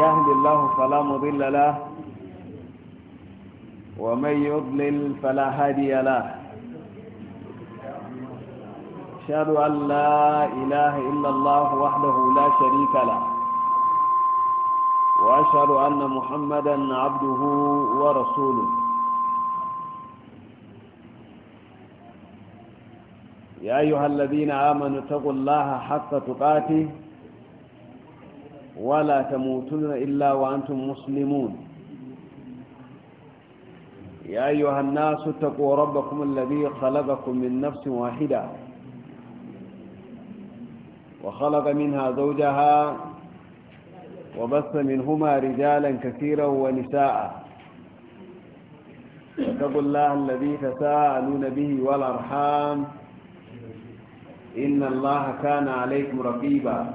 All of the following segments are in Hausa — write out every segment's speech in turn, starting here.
يهد الله فلا مضل له ومن يضلل فلا هادي له أشهد أن لا إله إلا الله وحده لا شريك له وأشهد أن محمدا عبده ورسوله يا أيها الذين آمنوا اتقوا الله حق تقاته ولا تموتن إلا وأنتم مسلمون يا أيها الناس اتقوا ربكم الذي خلقكم من نفس واحدة وخلق منها زوجها وبث منهما رجالا كثيرا ونساء اتقوا الله الذي تساءلون به والأرحام إن الله كان عليكم رقيبا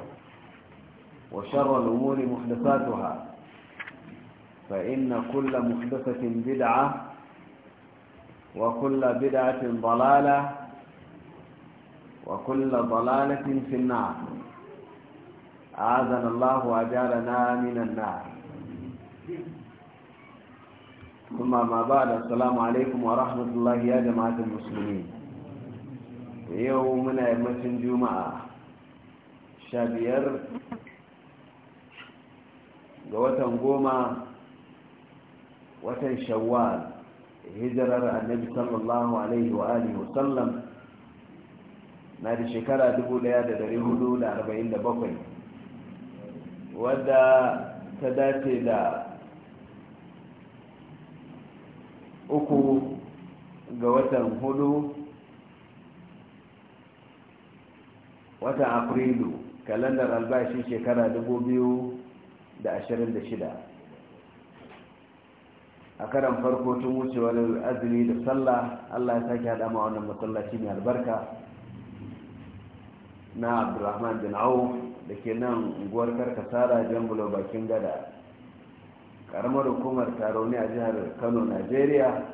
وشر الأمور محدثاتها فإن كل محدثة بدعة وكل بدعة ضلالة وكل ضلالة في النار أعاذنا الله وأجعلنا من النار ثم ما بعد السلام عليكم ورحمة الله يا جماعة المسلمين يومنا يمسن جمعة شابير ga watan goma watan shawwal hijirar annabi sallallahu alaihi wa alihi wasallam na da shekara 1447 wadda ta dace da uku ga watan hudu watan afrilu kalandar albashi shekara 2000 da ashirin da shida a karan farko tun wucewar azumi da sallah allah ya sake haɗa ma wannan masallaci mai albarka na abdulrahman bin awu da ke nan unguwar karkasara jambulo bakin gada karamar hukumar taro a jihar kano nigeria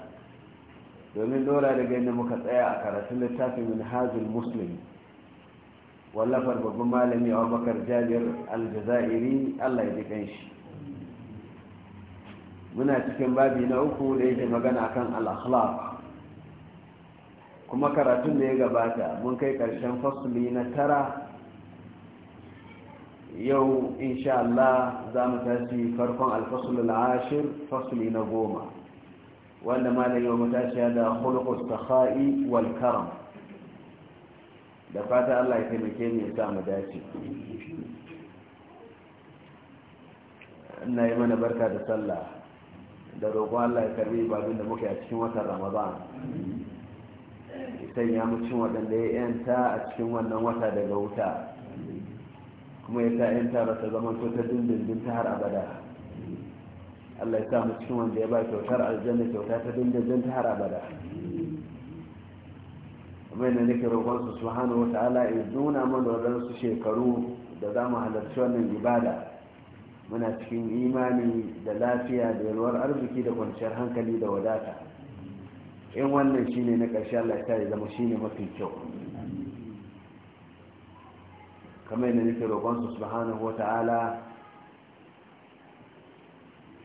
domin dora da gani muka tsaya a karatun littafin minhajul muslim wallafar babban malami abubakar jabir aljazairi allah ya jikan shi muna cikin babi na uku da yake magana akan al'akhlaq kuma karatun da ya gabata mun kai karshen fasuli na tara yau insha Allah za mu tashi farkon alfasul al'ashir fasuli na goma wanda malam yau mu tashi da khuluqus takha'i wal karam da fata Allah ya taimake ni ya sa mu dace ina yi mana barka da sallah da roƙon Allah ya karbi ibadun da muka yi a cikin watan Ramadan sai ya mu cin waɗanda ya yanta a cikin wannan wata daga wuta kuma ya sa yanta ba ta zama ta dindindin ta har abada Allah ya sa mu cikin wanda ya ba kyautar aljanna kyauta ta dindindin ta har abada kuma yana nake roƙon su subhanahu ala ya nuna mana wadansu shekaru da za mu halarci wannan ibada muna cikin imani da lafiya da yalwar arziki da kwanciyar hankali da wadata in wannan shine na ƙarshe Allah yi zama shine mafi kyau kamar yadda nake roƙon su subhanahu ala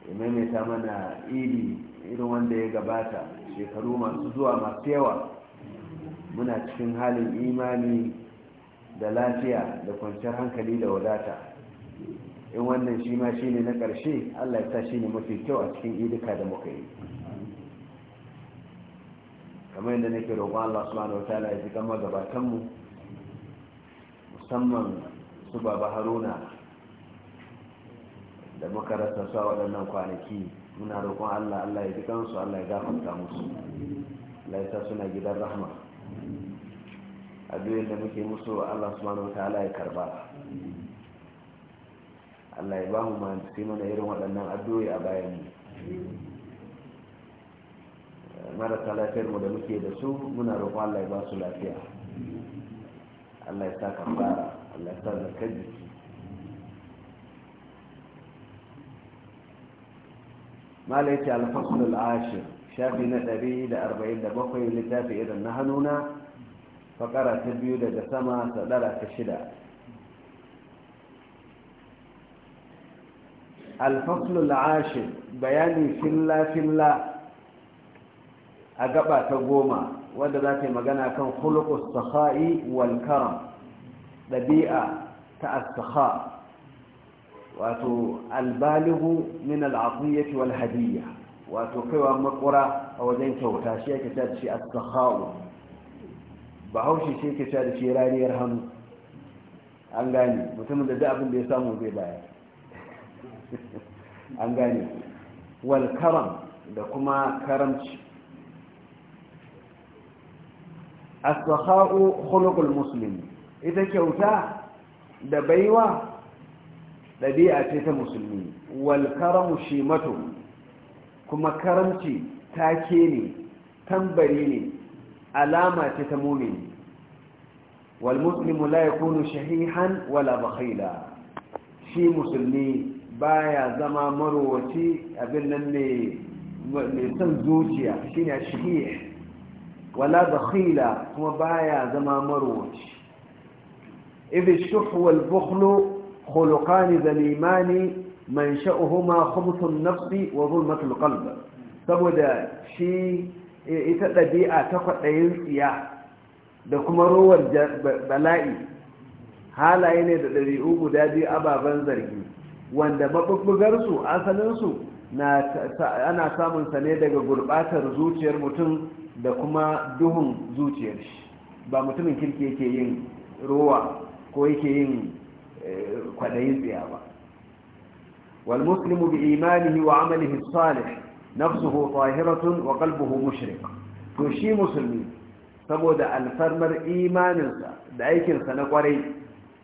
ya maimaita mana iri irin wanda ya gabata shekaru masu zuwa masu yawa muna cikin halin imani da lafiya da kwanciyar hankali da wadata in wannan shi ma shi ne na ƙarshe allah ya sa shi ne mafi kyau a cikin idika da muka yi kamar yadda nake roƙon allah su ma'ana wata ya ji gama gabatanmu musamman su baba haruna da muka rasa su a waɗannan kwanaki muna roƙon allah allah ya ji kansu allah ya gafanta musu allah ya sa suna gidan rahma addu'ar da muke musu Allah subhanahu wataala ya karba Allah ya ba mu mahantisi mana irin waɗannan addu'o'i a bayan mu marasa lafiyar mu da muke da su muna roƙon Allah ya ba su lafiya Allah ya sa kafara Allah ya sa zakar jiki malai ce alfasul ashir shafi na 147 littafi irin na hannuna fakara ta biyu daga sama sadara ta shida alfaslul ashir bayani filla-filla a gaba ta goma wadda za ta yi magana kan hulukus saha'i wal ɗabi'a ta astaha wato albalihu min al'afiyyati wal hadiyya wato kaiwa makura a wajen kyauta shi yake ta da shi hau ba haushi shi yake ta da shi raniyar hannu an gane mutumin da abin da ya samu zai baya, an gane wal karam da kuma karamci hau hulukul Musulmi, ita kyauta da baiwa ɗabi'a ce ta musulmi wal karamu mato. kuma karamci take ne tambari ne alama ce ta mumini walmuslimu muslimu la yakunu shahihan wala bakhila shi musulmi baya zama marowaci abin nan ne mai son zuciya shine shahih wala bakhila kuma baya zama marowaci idh shuhu wal bukhlu khuluqan zalimani man sha'uhuma khumsun nafsi wa zulmatul qalb saboda shi e, ita ɗabi'a ta kwaɗayin tsiya da kuma rowar bala'i halaye ne da ɗabi'u guda biyu ababen zargi wanda maɓuɓɓugarsu asalinsu ana samun sa ne daga gurɓatar zuciyar mutum da kuma duhun zuciyar shi ba mutumin kirki yake yin rowa ko yake yin e, kwaɗayin tsiya ba wal bi wa والمسلم بإيمانه وعمله الصالح wa طاهرة وقلبه to shi musulmi saboda alfarmar imaninsa da aikinsa na kwarai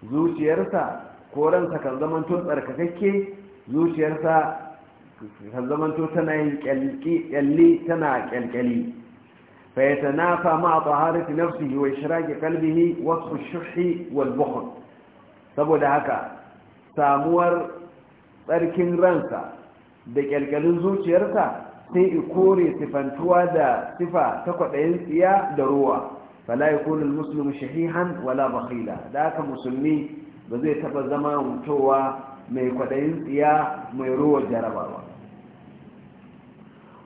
zuciyarsa koransa kan zamanto tsarkakakke zuciyarsa kan zamanto tana yin kyalli tana kyalkyali fa ya tanafa ma'a taharati nafsihi wa ishraqi qalbihi wa shuhi wal bukhl saboda haka samuwar tsarkin ransa da kyalkyalin zuciyarsa sai i kore sifantuwa da sifa ta kwaɗayin tsiya da ruwa fala ya kone musulmi shahihan wala bakhila da aka musulmi ba zai taɓa zama mutowa mai kwaɗayin tsiya mai ruwa jarabawa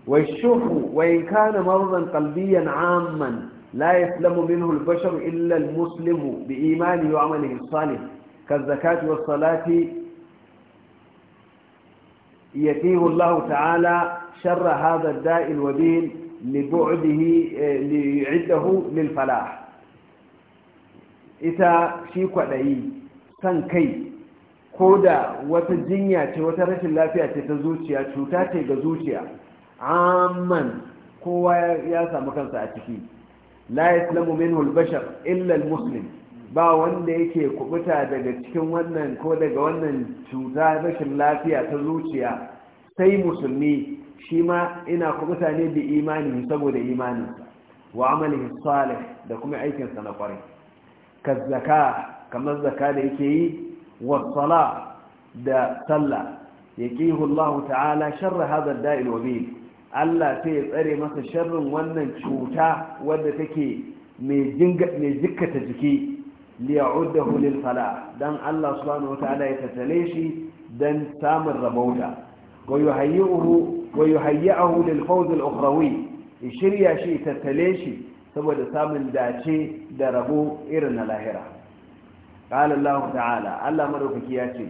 wai shuhu wai kana marzan kalbiyan amman لا muslimu bi البشر إلا المسلم بإيمانه وعمله الصالح كالزكاة salati. يقيه الله تعالى شر هذا الداء الوبيل لبعده ليعده للفلاح ita shi kwaɗayi san kai ko da wata jinya ce wata rashin lafiya ce ta zuciya cuta ce ga zuciya amman kowa ya samu kansa a ciki la islamu minhu al-bashar illa muslim ba wanda yake kubuta daga cikin wannan ko daga wannan cuta rashin lafiya ta zuciya sai musulmi shi ma ina kubuta ne bi imani saboda imani wa amalihi salih da kuma aikinsa na kwarai ka zaka kamar zaka da yake yi wa sala da sallah yaqihu Allah ta'ala sharra hadha da'il wabil Allah sai ya tsare masa sharrin wannan cuta wadda take mai jikkata jiki ليعده للفلاح دان الله سبحانه وتعالى يتتليشي دان سام الربوطة ويهيئه ويهيئه للفوز الأخروي يشري شيء تتليشي سوى سام داتشي دربو إرن لاهرة قال الله تعالى الله مروفك ياتي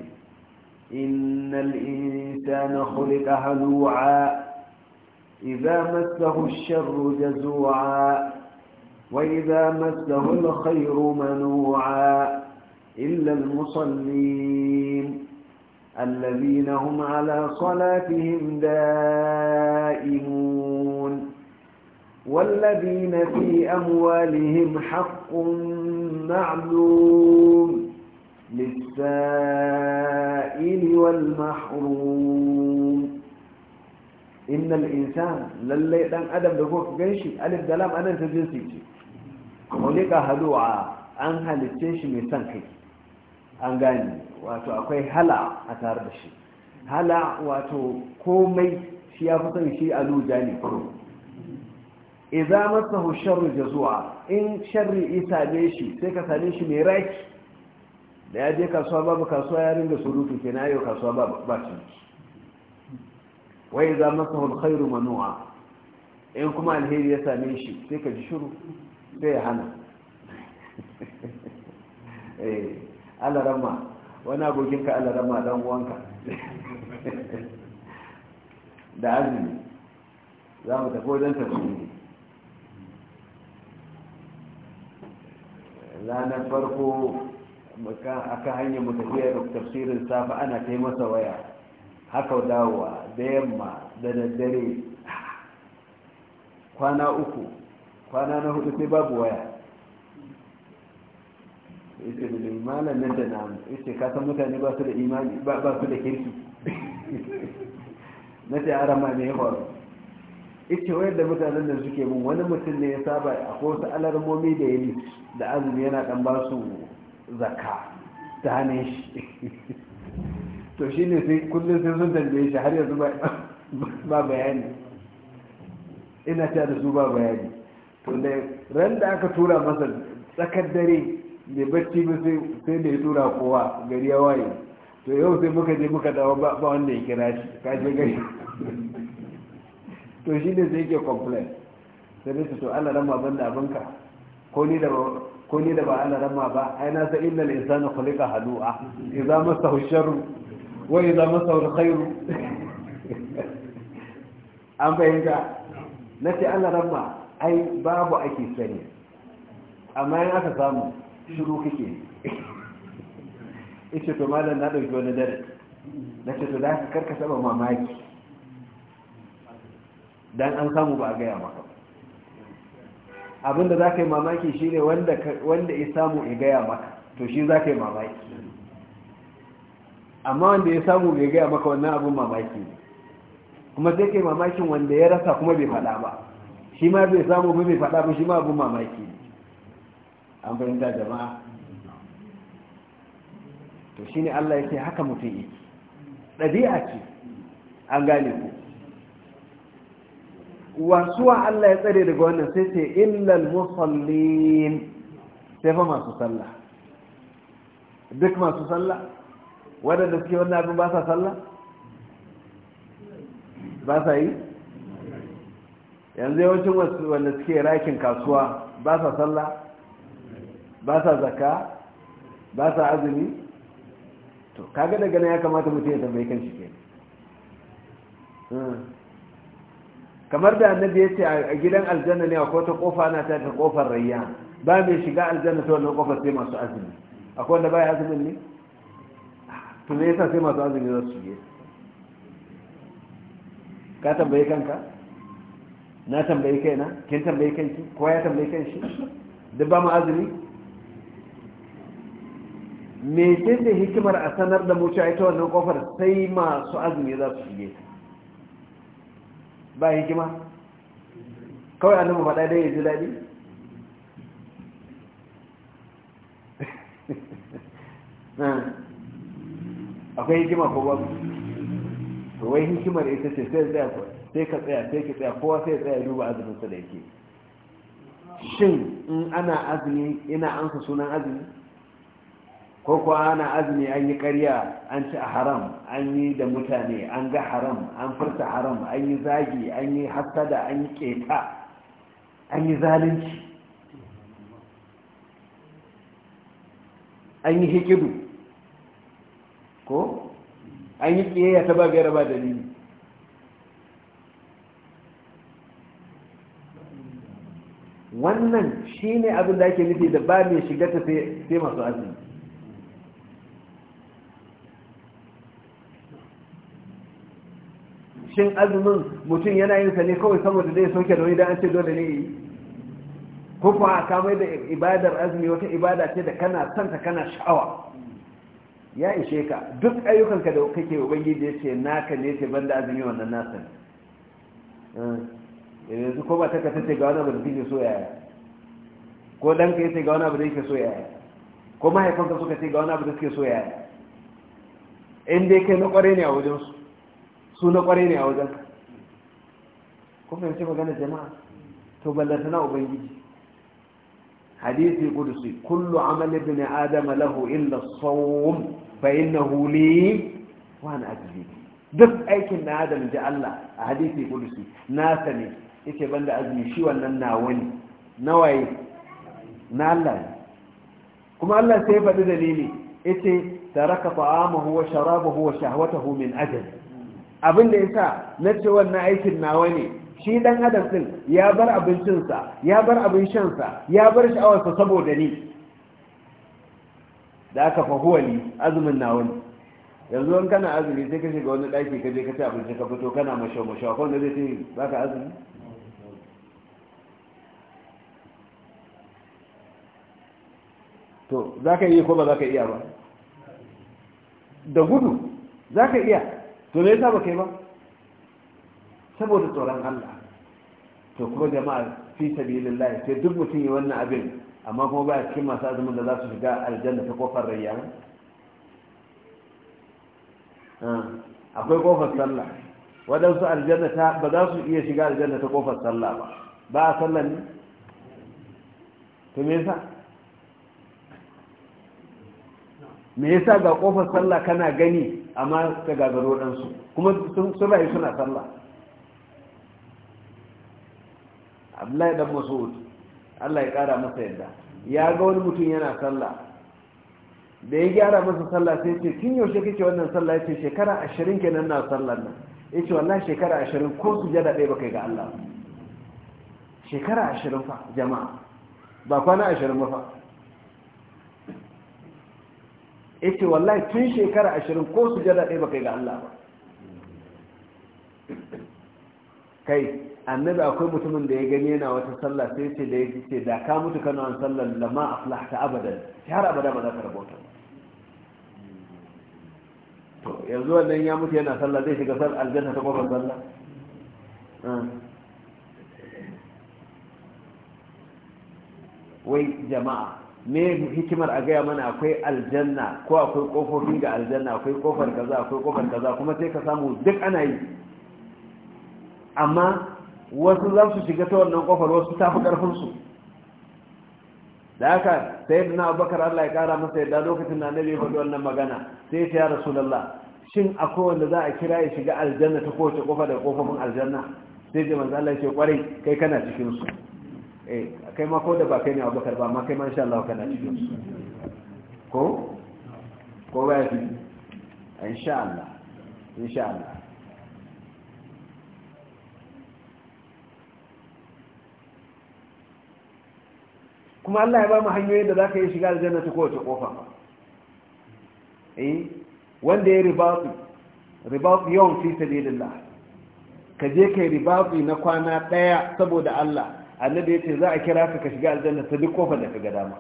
إن الإنسان خلق هلوعا إذا مسه الشر جزوعا وإذا مسه الخير منوعا إلا المصلين الذين هم على صلاتهم دائمون والذين في أموالهم حق معلوم للسائل والمحروم إن الإنسان للي أدم دفوك جنشي ألف دلام أنا تجنسي kulika halu'a an halicce shi mai son kai an gane wato akwai hala a tare da shi hala wato komai shi ya fi son shi aluja ne kuro idza masahu sharru jazua in sharri isa ne shi sai ka same shi mai raki da ya je kasuwa babu kasuwa ya ringa surutu na yau kasuwa ba ciniki wai idza masahu alkhairu manu'a in kuma alheri ya same shi sai ka ji shiru sai hana eh alarama wani abokinka alarama dan uwanka da azumi za mu tafi wajen tafsiri ranar farko aka hanyar mu tafiya da tafsirin safa ana kai masa waya haka dawowa da yamma da daddare kwana uku kwana na hudu sai babu waya ita da malam nan da namu ita ka san mutane ba su da imani ba su da kirki na ta yara ma ne horo ita wayar da mutanen da suke mun wani mutum ne ya saba a wasu alarmomi da yi da azumi yana dan ba su zakka ta ne shi to shi ne sai kullum sai sun tambaye shi har yanzu ba bayani ina ta da su ba bayani tunda ran da aka tura masa tsakar dare da bacci ba sai da ya tura kowa gari ya waye to yau sai muka je muka dawo ba wanda ya kira shi kashe gari to shi ne sai ke complain sai su to Allah rama ban da abinka ko ni da ba ana rama ba ai na sa innal insana khuliqa halu'a idza masahu sharru wa idza masahu khairu an bayyana nace Allah rama ai babu ake sani amma yana aka samu shiru kake ita to malam na ɗauki wani dare na ce to da ka karka saba mamaki dan an samu ba a gaya maka abinda za ka yi mamaki shi ne wanda ya samu ya gaya maka to shi za ka yi mamaki amma wanda ya samu ya gaya maka wannan abin mamaki ne kuma sai ka yi mamakin wanda ya rasa kuma bai faɗa ba shi ma bai samu ba mai faɗa ba shi ma abin mamaki ne an fahimta jama'a to shine Allah ya ce haka mutum yake ɗabi'a ce an gane ku wasuwa Allah ya tsare daga wannan sai ce illal musallin sai fa masu sallah duk masu sallah waɗanda suke wannan abin ba sa sallah ba sa yi yanzu yawancin wanda suke rakin kasuwa ba sa sallah ba sa zaka ba sa azumi to kaga daga na ya kamata mutum ya tambayi kan shi ke hmm. kamar da annabi ya ce a gidan aljanna ne akwai ta kofa na ta kofar rayya ba mai shiga aljanna ta wannan kofar sai masu azumi akwai wanda baya azumin ne to me yasa sai masu azumi za su shige ka tambayi kanka na tambayi kai na kin tambayi kanki ko ya tambayi kanshi duk ba mu azumi me ce ce hikimar a sanar da mu cewa ita wannan kofar sai masu azumi za su shige ba hikima kawai mu faɗa dai ya ji daɗi akwai hikima ko ba to wai hikimar ita ce sai zai akwai sai ka tsaya sai ka tsaya kowa sai tsaya duba azumin sa da yake shin in ana azumi ina ansa sunan azumi ko kuwa ana azumi an yi ƙarya an ci a haram an yi da mutane an ga haram an furta haram an yi zagi an yi hasada an yi keta an yi zalunci an yi hikidu ko an yi ƙiyayya ta ba biyar ba dalili wannan shi ne abin da ake nufi da ba mai shiga ta sai masu azumi shin azumin mutum yana yin sa ne kawai saboda zai soke da wani da an ce dole ne Kuma ko ka da ibadar azumi wata ibada ce da kana santa kana sha'awa ya ishe ka duk ayyukanka da kake ubangiji ya ce naka ne ce banda azumi wannan nasa ne eh. yanzu ko ba ta kasa ce ga wani abu da ke so yaya ko dan ka ce ga wani abu da yake so yaya ko mahaifanka suka ce ga wani abu da suke so yaya in dai kai na kware ne a wajen su su na kware ne a wajen ka ko fahimci magana jama'a to ballanta na ubangiji hadisi kudusi kullu amali ibn adam lahu illa as-sawm fa innahu li wa ana ajzi duk aikin da adam ji Allah a hadisi kudusi na sani yake banda azumi shi wannan wani na nawaye na Allah ne kuma Allah sai ya faɗi dalili yace taraka ta'amahu wa sharabahu wa shahwatahu min ajal abin da yasa na ce wannan aikin nawa ne shi dan adam din ya bar abincinsa ya bar abin sa ya bar sha'awarsa saboda ni da aka fa huwa ni azumin nawa ne yanzu an kana azumi sai ka shiga wani ɗaki ka je ka ci abinci ka fito kana mashawo mashawo kawai ne zai ce baka azumi to za ka iya ko ba za ka iya ba da gudu za ka iya to ne yasa ba kai ba saboda tsoron Allah to kuma jama'a fi sabilillah sai duk mutum yi wannan abin amma kuma ba cikin masu azumin da za su shiga aljanna ta kofar rayyan ah, akwai kofar sallah waɗansu aljanna ta ba za su iya shiga aljanna ta kofar sallah ba ba a sallah ne to me yasa me yasa ga kofar sallah kana gani amma ta gagaro ɗansu kuma sun rayu suna sallah abdullahi dan mas'ud Allah ya ƙara masa yadda ya ga wani mutum yana sallah da ya gyara masa sallah sai ce kin yaushe kake wannan sallah yace shekara ashirin kenan na sallar nan yace wannan shekara ashirin ko su jada ɗaya baka ga Allah shekara ashirin fa jama'a ba kwana ashirin ba fa yake wallahi tun shekara ashirin ko su jada ɗaya baka yi ga Allah ba kai annabi akwai mutumin da ya gani yana wata sallah sai ce da ya ce da ka mutu kana an sallar lama aflahta abadan har abada ba za ka rabota to yanzu wannan ya mutu yana sallah zai shiga sallar aljanna ta kofar sallah ah. wai jama'a me hikimar a gaya mana akwai aljanna ko akwai kofofi ga aljanna akwai kofar kaza akwai kofar kaza kuma sai ka samu duk ana yi amma wasu za su shiga ta wannan kofar wasu tafi karfinsu da haka sai da na abubakar allah ya kara masa yadda lokacin na nabi faɗi wannan magana sai ta ya rasulallah shin akwai wanda za a kira ya shiga aljanna ta kowace kofa da kofofin aljanna sai ji manzo allah ya ce kwarai kai kana cikinsu eh kai ma ko da ba kai ne abubakar ba amma kai ma insha Allah kana cikin su ko ko ba shi fi ah, insha Allah insha Allah kuma Allah ya ba mu hanyoyin da ka yi shiga aljanna ta kowace kofa ba eh wanda ya ribatu ribatu yawan fi sabilillah ka je kai ribatu na kwana daya saboda Allah annabi ya ce za a kira ka ka shiga aljanna ta duk kofar da ka ga dama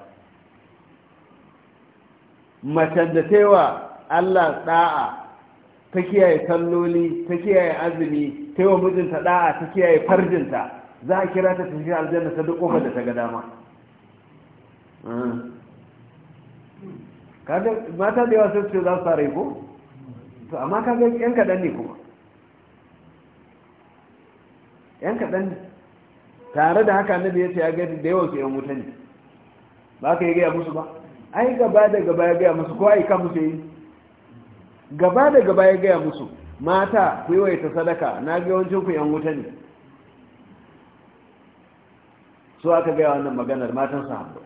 macen da taiwa allah da'a ta kiyaye salloli ta kiyaye azumi wa mijinta da'a ta kiyaye farjinta za a kira ta ta shiga aljanna ta duk kofar da ta ga dama hmm. mata da yawa sun ce za su fara ko to amma kaga yan kaɗan ne kuma yan kaɗan ne tare da haka annabi ya ce ya gani da yawan su yan wuta ne ba ka yi gaya musu ba ai gaba da gaba ya gaya musu ko ai ka musu yi gaba da gaba ya gaya musu mata ku yi ta sadaka na ga yawancin ku yan wuta ne so aka gaya wannan maganar matan hannu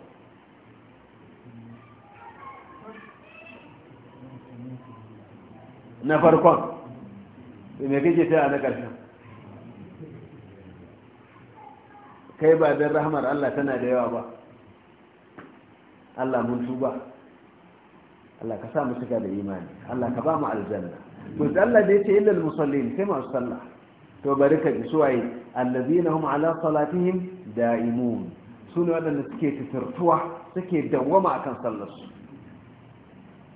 na farkon me kake ta na ƙarshen kai ba don rahmar Allah tana da yawa ba Allah mun tuba Allah ka sa mu shiga da imani Allah ka ba mu aljanna to Allah da yace illal musallin sai masu sallah to bari ka ji suwaye allazina hum ala salatihim da'imun sune wadanda suke titirtuwa suke dawwama akan sallar su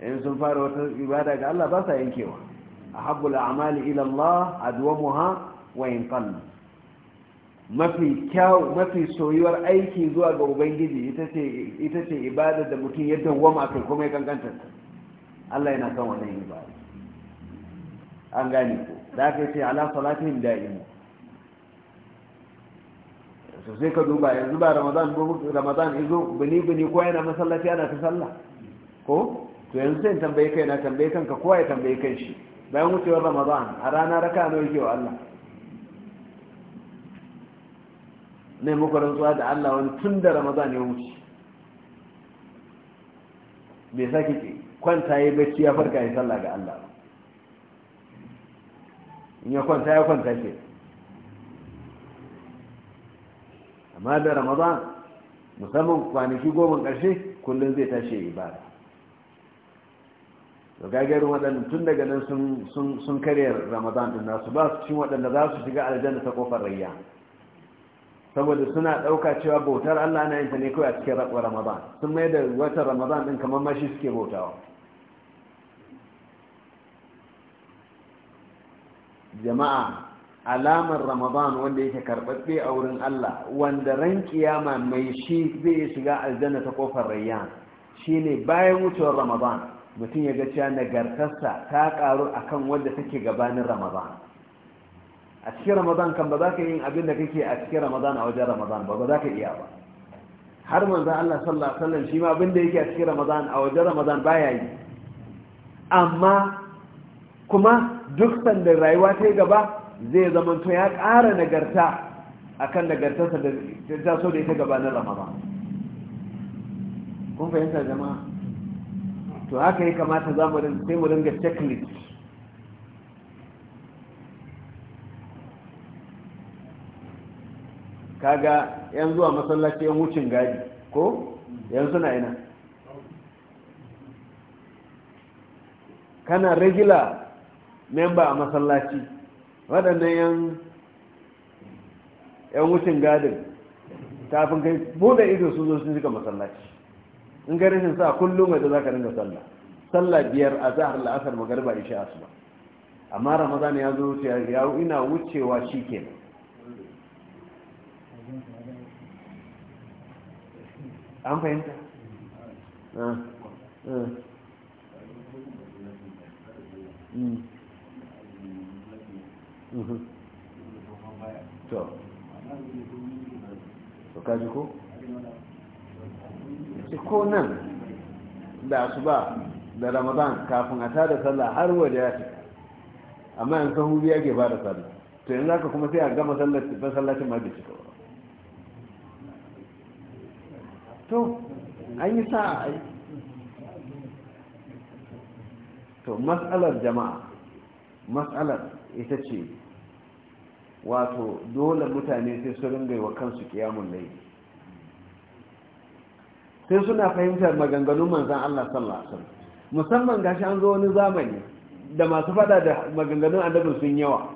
in sun fara wata ibada ga Allah ba sa yankewa ahabbul a'mali ila Allah adwamuha wa in mafi kyau mafi soyuwar aiki zuwa ga ubangiji ita ce ibada da mutum ya dawwama kai kuma ya kankantar Allah yana son wannan ibada an gane ko da aka ce ala salatin da'im su sai ka duba yanzu ba ramadan ramadan izo bini bini ko yana masallaci ana ta sallah ko to yanzu sai tambaye kai na tambaye kanka ko ya tambaye kai shi bayan wucewar ramadan a rana raka nawa yake wa Allah ne muku rantsuwa da Allah wani tun da Ramadan ya wuce bai sake ce kwanta ya bacci ya farka ya sallah ga Allah in ya kwanta ya kwanta ke amma da Ramadan musamman kwanaki goma ƙarshe kullum zai tashi ibada to gagarin waɗanda tun daga nan sun karya ramadan din nasu ba su cin waɗanda za su shiga aljanna ta kofar rayya saboda suna ɗauka cewa bautar Allah na yanta ne kawai a cikin Ramadan sun mai da watan Ramadan ɗin kamar mashi suke bautawa jama'a alamar Ramadan wanda yake karɓaɓɓe a wurin Allah wanda ran kiyama mai shi zai shiga aljanna ta kofar rayyan shine bayan wucewar Ramadan mutum ya ga cewa nagartarsa ta ƙaru akan wanda take gabanin Ramadan a cikin ramadan kan ba za ka yi abin da kake a cikin ramadan a wajen ramadan ba ba za ka iya ba har manzan Allah sallallahu alaihi wasallam shi ma abin da yake a cikin ramadan a wajen ramadan baya yi amma kuma duk sanda rayuwa ta yi gaba zai to ya ƙara nagarta akan nagartarsa da ta so da ita gaba na ramadan kun fahimta jama'a to haka ya kamata za sai mu dinga checklist kaga yan zuwa masallaci yan wucin gadi ko yan suna ina kana regular member a masallaci waɗannan yan yan wucin gadin kafin kai buɗe ido sun zo sun shiga masallaci in ga rashin sa kullum da za ka dinga sallah sallah biyar a zahar la'asar magarba isha asuba amma ramadan ya zo ya ina wucewa shi kenan an fahimta ah, ah. Mm. Mm-hmm. to to kaji ko? ko nan da asuba da ramadan kafin a tada sallah har waje ya ce amma yanzu sahubi ya ke ba da sallah to yanzu haka kuma sai a gama masallacin ma da to an yi sa'a yi to matsalar jama'a matsalar ita ce wato dole mutane sai su ringa wa kansu kiyamun laifi sai suna fahimtar maganganun manzan Allah sallallahu alaihi wasallam musamman gashi an zo wani zamani da masu fada da maganganun annabi sun yawa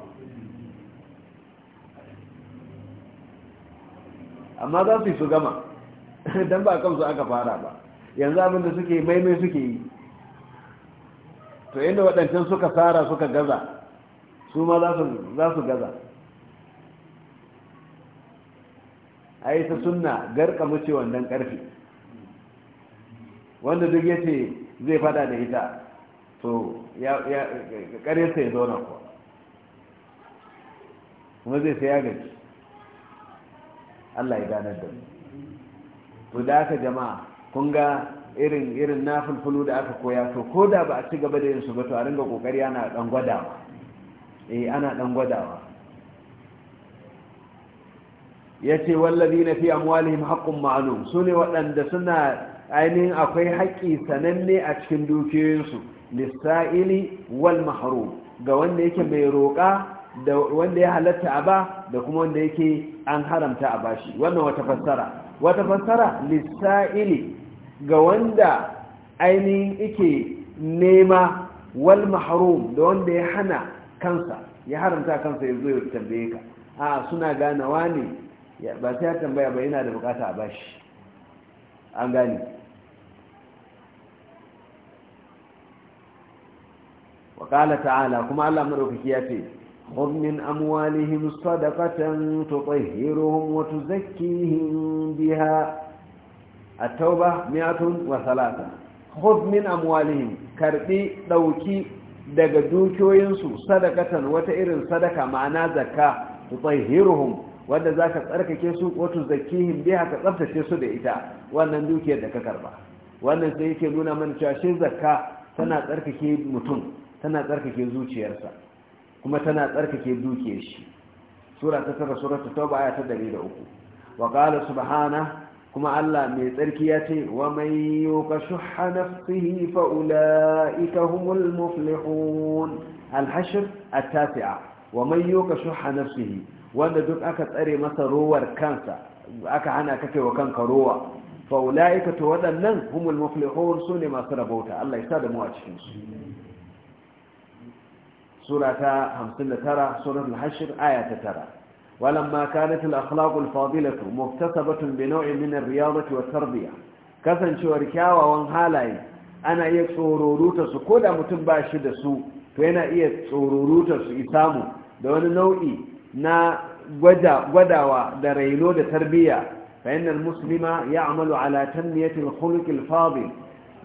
amma za su yi su gama don ba kansu aka fara ba yanzu abinda suke maimai suke yi to inda waɗancan suka tsara suka gaza su ma za su gaza a yi ta suna garka mace wannan ƙarfi wanda duk ya ce zai fada da ita to ƙarfinsa ya zauna kuwa kuma zai sai ya gaji Allah ya ganar da mu to da jama'a kun ga irin irin na fulfulu da aka koya to ko da ba a ci gaba da yin su ba to a ringa kokari ana dan gwadawa eh ana dan gwadawa yace wallazina fi amwalihim haqqun ma'lum sune waɗanda suna ainihin akwai haƙƙi sananne a cikin dukiyoyinsu lissa'ili wal mahrum ga wanda yake mai roƙa da wanda ya halatta a ba da kuma wanda yake an haramta a bashi wannan wata fassara wata fassara lissa'ili ga wanda ainihin ike nema wal mahrum da wanda ya hana kansa ya haramta kansa ya zo ya tambaye ka a suna ganawa ne ba sai ya tambaya ba yana da bukata a bashi an gani. wa ta'ala kuma Allah madaukaki ya ce خذ من أموالهم صدقة تطهرهم وتزكيهم بها التوبة مئة وثلاثة خذ من أموالهم كربي دوكي daga dukiyoyinsu sadakatan wata irin sadaka ma'ana zakka tutahhiruhum wanda zaka tsarkake su wato zakihim biha ka tsaftace su da ita wannan dukiyar da ka karba wannan sai yake nuna mana cewa shi zakka tana tsarkake mutum tana tsarkake zuciyarsa kuma tana tsarkake dukiyar shi sura ta tara sura ta tauba aya ta dari da uku wa qala subhana kuma Allah mai tsarki ya ce wa man yuqa shuhha nafsihi fa ulaika humul muflihun al at-tasi'a wa man yuqa nafsihi wanda duk aka tsare masa rowar kansa aka hana ka wa kanka rowa fa ulaika to waɗannan humul muflihun sune masu rabauta Allah ya sa da mu a cikin su sura ta tara, suratul hashr aya ta tara. walamma kanat al-akhlaq al-fadilatu muktasabatun bi naw'in min ar-riyadati wat-tarbiyah kasancewar kyawawan halaye ana iya tsororuta su koda mutum ba shi da su to yana iya tsororuta su isamu da wani nau'i na gwadawa da raino da tarbiyya fa innal muslima ya'malu ala tanmiyatil khuluqil fadil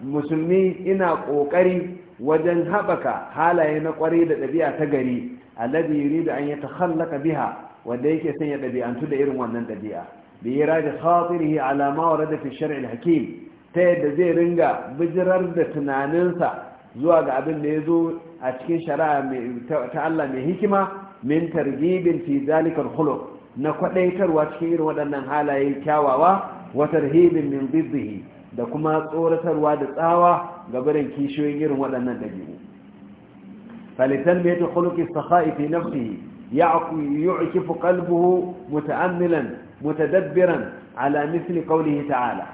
musulmi ina kokari wajen haɓaka halaye na ƙwarai da ɗabi'a ta gari alladhi yuridu an yatakhallaka biha wanda yake son ya ɗabi'antu da irin wannan ɗabi'a bi iradi khatirihi ala ma warada fi shar'il hakim ta yadda zai ringa bijirar da tunaninsa zuwa ga abin da ya zo a cikin shari'a ta Allah mai hikima min targibin fi zalikal khuluq na kwadaitarwa cikin irin waɗannan halaye kyawawa wa tarhibin min biddihi da kuma tsoratarwa da tsawa gabarin kishiyoyin irin waɗannan ɗabi'u falitan mai ta khuluki sakha'i fi nafsihi يعكف قلبه mutadabbiran alamisli على مثل ta'ala.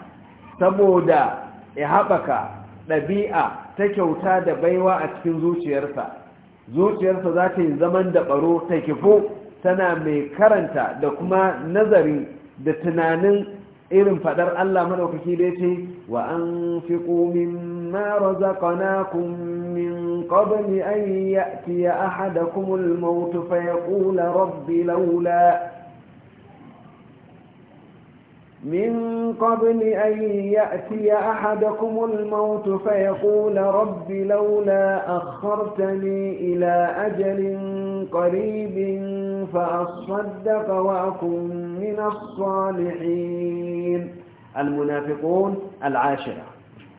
Saboda ya haɓaka ɗabi'a ta kyauta da baiwa a cikin zuciyarsa zuciyarsa za ta yi zaman da ɓaro ta kifo tana mai karanta da kuma nazari da tunanin irin fadar Allah madaukaki da yace wa anfiqu mimma razaqnakum min qabli an ya'tiya ahadakum al-maut fa yaqula rabbi lawla من قبل أن يأتي أحدكم الموت فيقول رب لولا أخرتني إلى أجل قريب فأصدق وأكن من الصالحين المنافقون العاشرة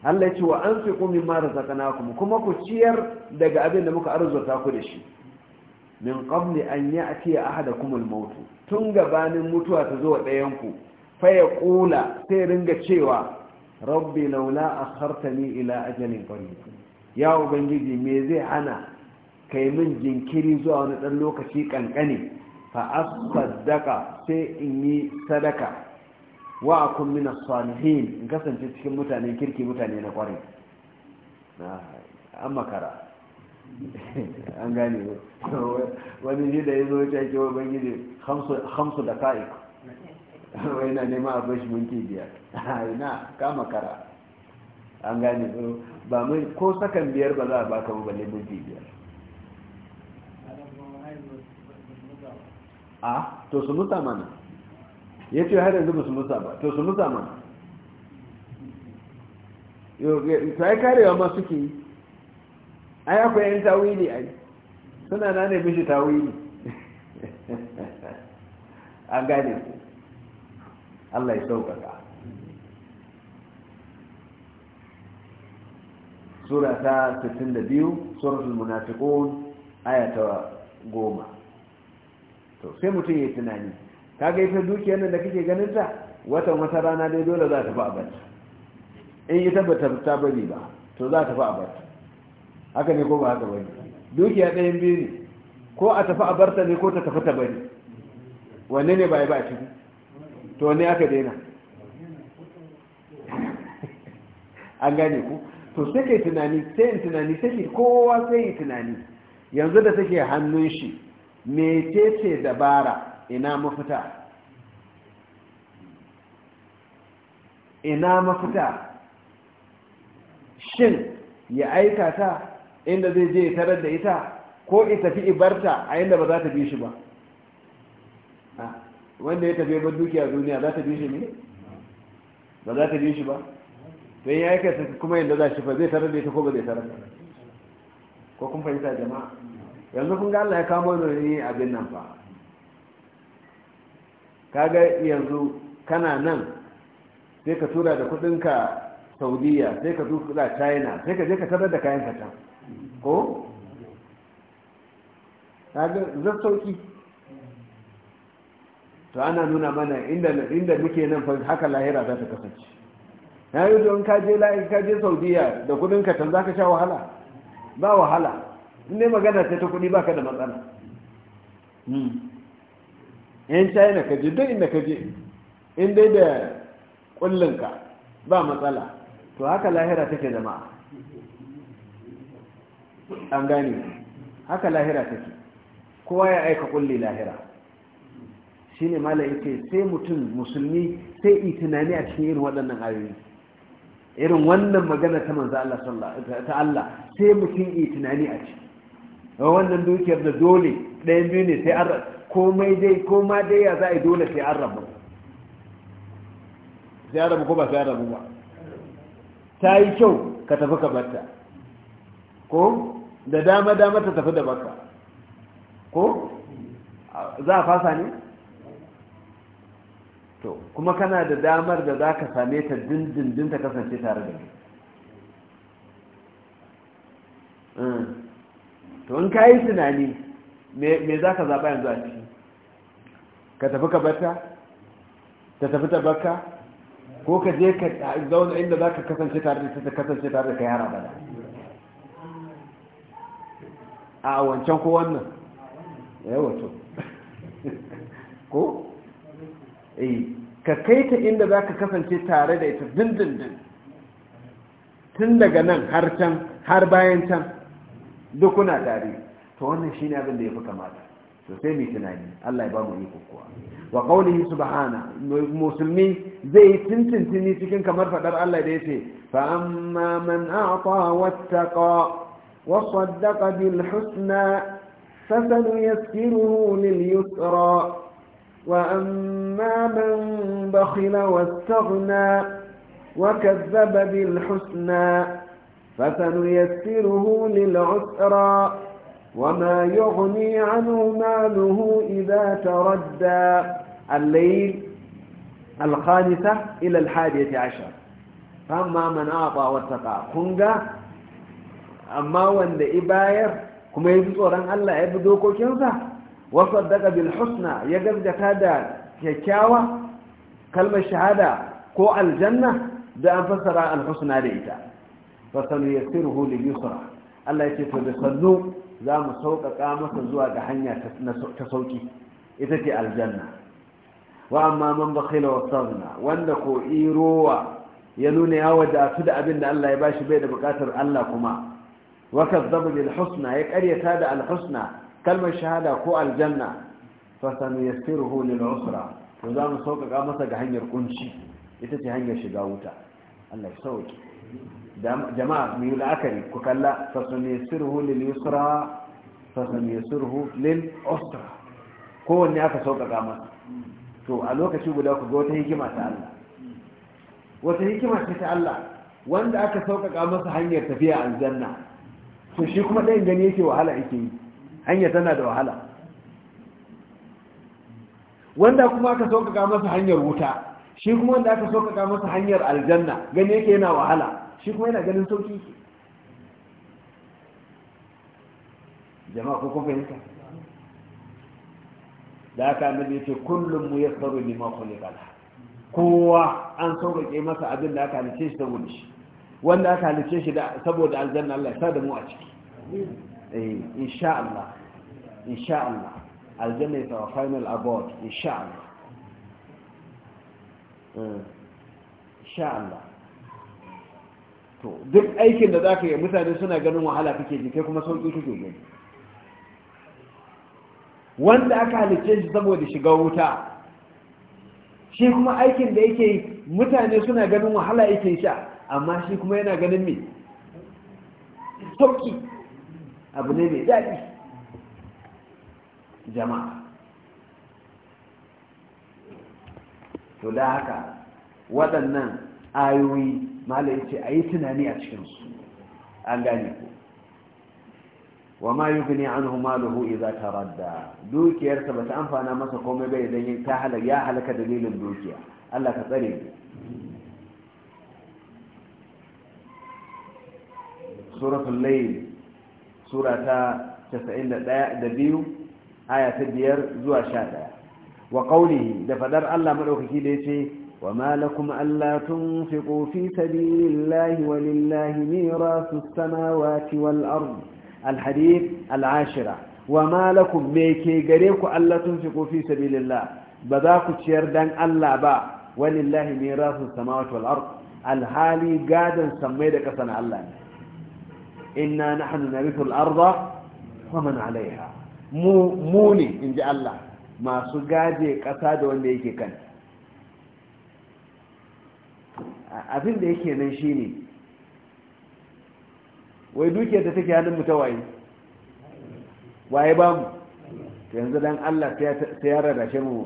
التي وأنفقوا مما رزقناكم كما كتير دقاء مك لمك أرزقناكم لشي من قبل أن يأتي أحدكم الموت تنقبان الموت وتزوء بينكم faya ƙula sai ringa cewa rabbi laula akhartani ila ajalin qarib ya ubangiji me zai hana kai min jinkiri zuwa wani dan lokaci kankane fa asaddaka sai in yi sadaka wa akun min as-salihin in kasance cikin mutanen kirki mutane na kwarai an makara an gane wani shi da ya zo ya ce wa ubangiji khamsu daqa'iq wai na nema a bashi minti biyar ina kama kara an gane ba mai ko sakan biyar ba za a baka ba balle minti biyar a to su muta mana ya ce har yanzu ba su musa ba to su muta mana ta yi karewa ma suke yi ai akwai yan tawili ai suna na ne mishi tawili an gane ku Allah ya sauƙaƙa sura ta 62 suratul munafiqun aya ta goma. to sai mutum yi tunani kaga ita dukiyar nan da kake ganinta, wata wata rana dai dole za ta fi abarta in yi ba ta bari ba to za ta fi abarta haka ne ko ba haka bari. dukiya ɗayan biyu ne ko a tafi abarta ne ko ta tafi ta bari wanne ne ba ya ba ciki to ne aka daina an gane ku to sai ke tunani sai in tunani sai kowa sai yi tunani yanzu da take hannun shi mecece dabara ina mafita ina mafita shin ya aikata inda zai je ya tarar da ita ko ita fi ibarta a inda ba za ta bi shi ba wanda ya tafiye ba dukiya duniya za ta bi shi ne ba za ta bi shi ba to ya aikata kuma yadda za shi fa zai tarar da ita ko ba zai tarar ko kun fahimta jama'a yanzu kun ga Allah ya kamo ne abin nan fa kaga yanzu kana nan sai ka tura da ka saudiya sai ka tura china sai ka je ka tarar da kayan ka can ko kaga zai sauki to ana nuna mana inda muke nan fa haka lahira za ta kasance ya yi don kaje layi kaje saudiya da kudin ka can za ka sha wahala ba wahala in dai magana ta ta kudi baka da matsala yan hmm. china ka je duk inda kaje je in dai da kullinka ba matsala to haka lahira take jama'a an gane haka lahira take kowa ya aika kulli lahira shine mala yake sai mutum musulmi sai yi tunani a cikin irin waɗannan ayoyi irin wannan magana ta manzo Allah ta Allah sai mutum yi tunani a ciki wannan dukiyar da dole ɗayan biyu ne sai an komai dai koma dai ya za a yi dole sai an rabu sai an rabu ko ba sai an rabu ba ta yi kyau ka tafi ka batta ko da dama dama ta tafi da baka ko za a fasa ne to kuma kana da damar da za ka same ta dindindin ta kasance tare da kai hmm. to in ka yi tunani me za ka zaɓa yanzu a ciki ka tafi ka bata ta tafi ta baka ko ka je ka zauna inda za ka kasance tare da ta kasance tare da kai har abada a wancan ko wannan to ko Eh, ka kai ta inda za ka kasance tare da ita dindindin tun daga nan har can har bayan can duk kuna tare to wannan shi ne abin da ya fi kamata to mai tunani Allah ya ba mu iko kuwa wa qawlihi subhana musulmi zai tintintini cikin kamar fadar Allah da yace fa amma man a'ta wattaqa wa saddaqa bil husna fasanuyassiruhu lil yusra وأما من بخل واستغنى وكذب بالحسنى فسنيسره للعسرى وما يغني عنه ماله إذا تردى الليل الخامسة إلى الحادية عشر فأما من أعطى واتقى خنقى أما وان إباير كما يبدو أن الله يبدو كوكينسا Wasu daga husna ya gaskata da kyakkyawa kalmar shahada ko aljanna da an fassara al husna da ita fa sanuyassiruhu lil yusra Allah ya to da sallu za mu sauƙaƙa masa zuwa ga hanya ta sauƙi ita ce aljanna wa amma man bakhila wastaghna wanda ko irowa ya nuna ya wadatu da abin da Allah ya bashi bai da buƙatar Allah kuma wakar kazzaba bilhusna husna ya ƙaryata da al husna kalmar shahada ko aljanna fasanu yassiruhu lil usra to za mu sauƙaƙa masa ga hanyar kunci ita ce hanyar shiga wuta Allah ya sauke jama'a mu yi la'akari ku kalla fasanu yassiruhu lil yusra fasanu yassiruhu lil usra kowanne aka sauƙaƙa masa to a lokaci guda ku ga wata hikima ta Allah wata hikima ce ta Allah wanda aka sauƙaƙa masa hanyar tafiya aljanna to shi kuma ɗayan gani yake wahala yake yi hanya tana da wahala wanda kuma aka sauƙaƙa masa hanyar wuta shi kuma wanda aka sauƙaƙa masa hanyar aljanna gani yake yana wahala shi kuma yana ganin sauƙi jama'a ko kuma yanka da aka annabi ce kullum mu ya mako ne gada kowa an sauƙaƙe masa abin da aka halice shi saboda shi wanda aka halice shi saboda aljanna Allah ya sa da mu a ciki in eh, insha Allah insha Allah aljanna is our final abode insha Allah hmm. Allah to duk aikin da zaka yi mutane suna ganin wahala kake ji kai kuma sauki kake gani wanda aka halice shi saboda shiga wuta shi kuma aikin da yake mutane suna ganin wahala yake sha amma shi kuma yana ganin me sauki abu ne mai daɗi jama'a to da haka waɗannan ayoyi mala ya ce a yi tunani a cikinsu an gane ku wa ma yi gini an humaluhu iza ta radda dukiyarsa ba ta amfana masa komai bai idan ta halar ya halaka dalilin dukiya allah ka tsare ne suratul surata sura ta 91 da biyu aya ta biyar zuwa sha ɗaya wa ƙaunihi da faɗar allah maɗaukaki da ya ce wa malakum allah tun fi ƙofi sabilillahi wa lillahi mira su samawati wal ardu alhadith al'ashira wa malakum me ke gare ku allah tun fi ƙofi sabilillah ba za ku ciyar dan allah ba wa lillahi mira su samawati wal ardu alhali gadon samai da ƙasa na allah ne inna nahnu na al-arda wa man alaiha. mu ne in ji Allah masu gaje ƙasa da wanda yake kan abin da yake nan shi ne wai dukiyar da take hannun ta waye waye ba mu yanzu don Allah ta yara da shi mu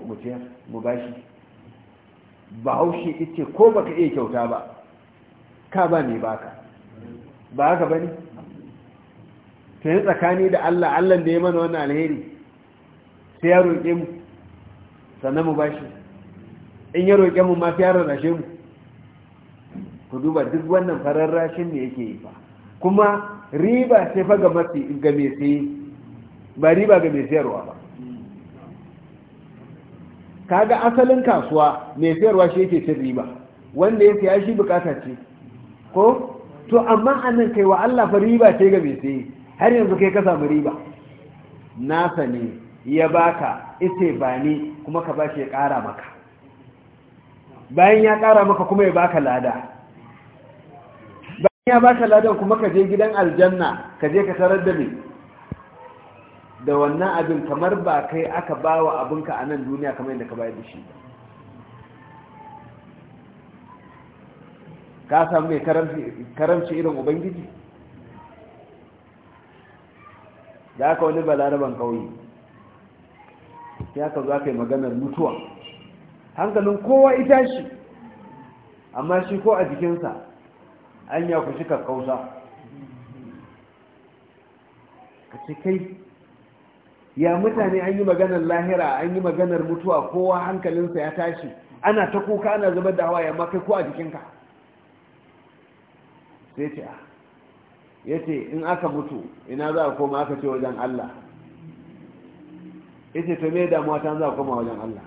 bashi ba haushe ita ko baka iya kyauta ba ka ba ne baka ba haka ba ne to tsakani da Allah Allah da ya mana wannan alheri sai ya roƙe mu sannan mu bashi in ya roƙe mu ma sai ya rarrashe mu ku duba duk wannan fararrashin ne yake yi fa kuma riba sai fa ga mafi ga mai sai ba riba ga mai sayarwa ba kaga asalin kasuwa mai sayarwa shi yake cin riba wanda ya siya shi bukata ce ko to amma anan kai wa Allah fa riba ce ga mai sayi har yanzu kai ka samu riba nasa ne ya baka ite ba ni kuma ka ba shi ya ƙara maka bayan ya ƙara maka kuma ya baka lada bayan ya baka ladan kuma ka je gidan aljanna ka je ka tarar da ni. da wannan abin kamar ba kai aka bawa abinka a nan duniya kamar yadda ka bayar da shi ka samu mai karamci irin ubangiji da aka wani balaraban kauye sai aka za ka yi maganar mutuwa hankalin kowa ita shi amma shi ko a jikinsa an ya ku shi kakkausa ka ce kai ya mutane an yi maganar lahira an yi maganar mutuwa kowa hankalinsa ya tashi ana ta kuka ana zubar da hawa ya makai ko a jikinka sai ce a ah, ya ce in aka mutu ina za a koma aka ce wajen Allah ya ce to me damuwa ta za a koma wajen Allah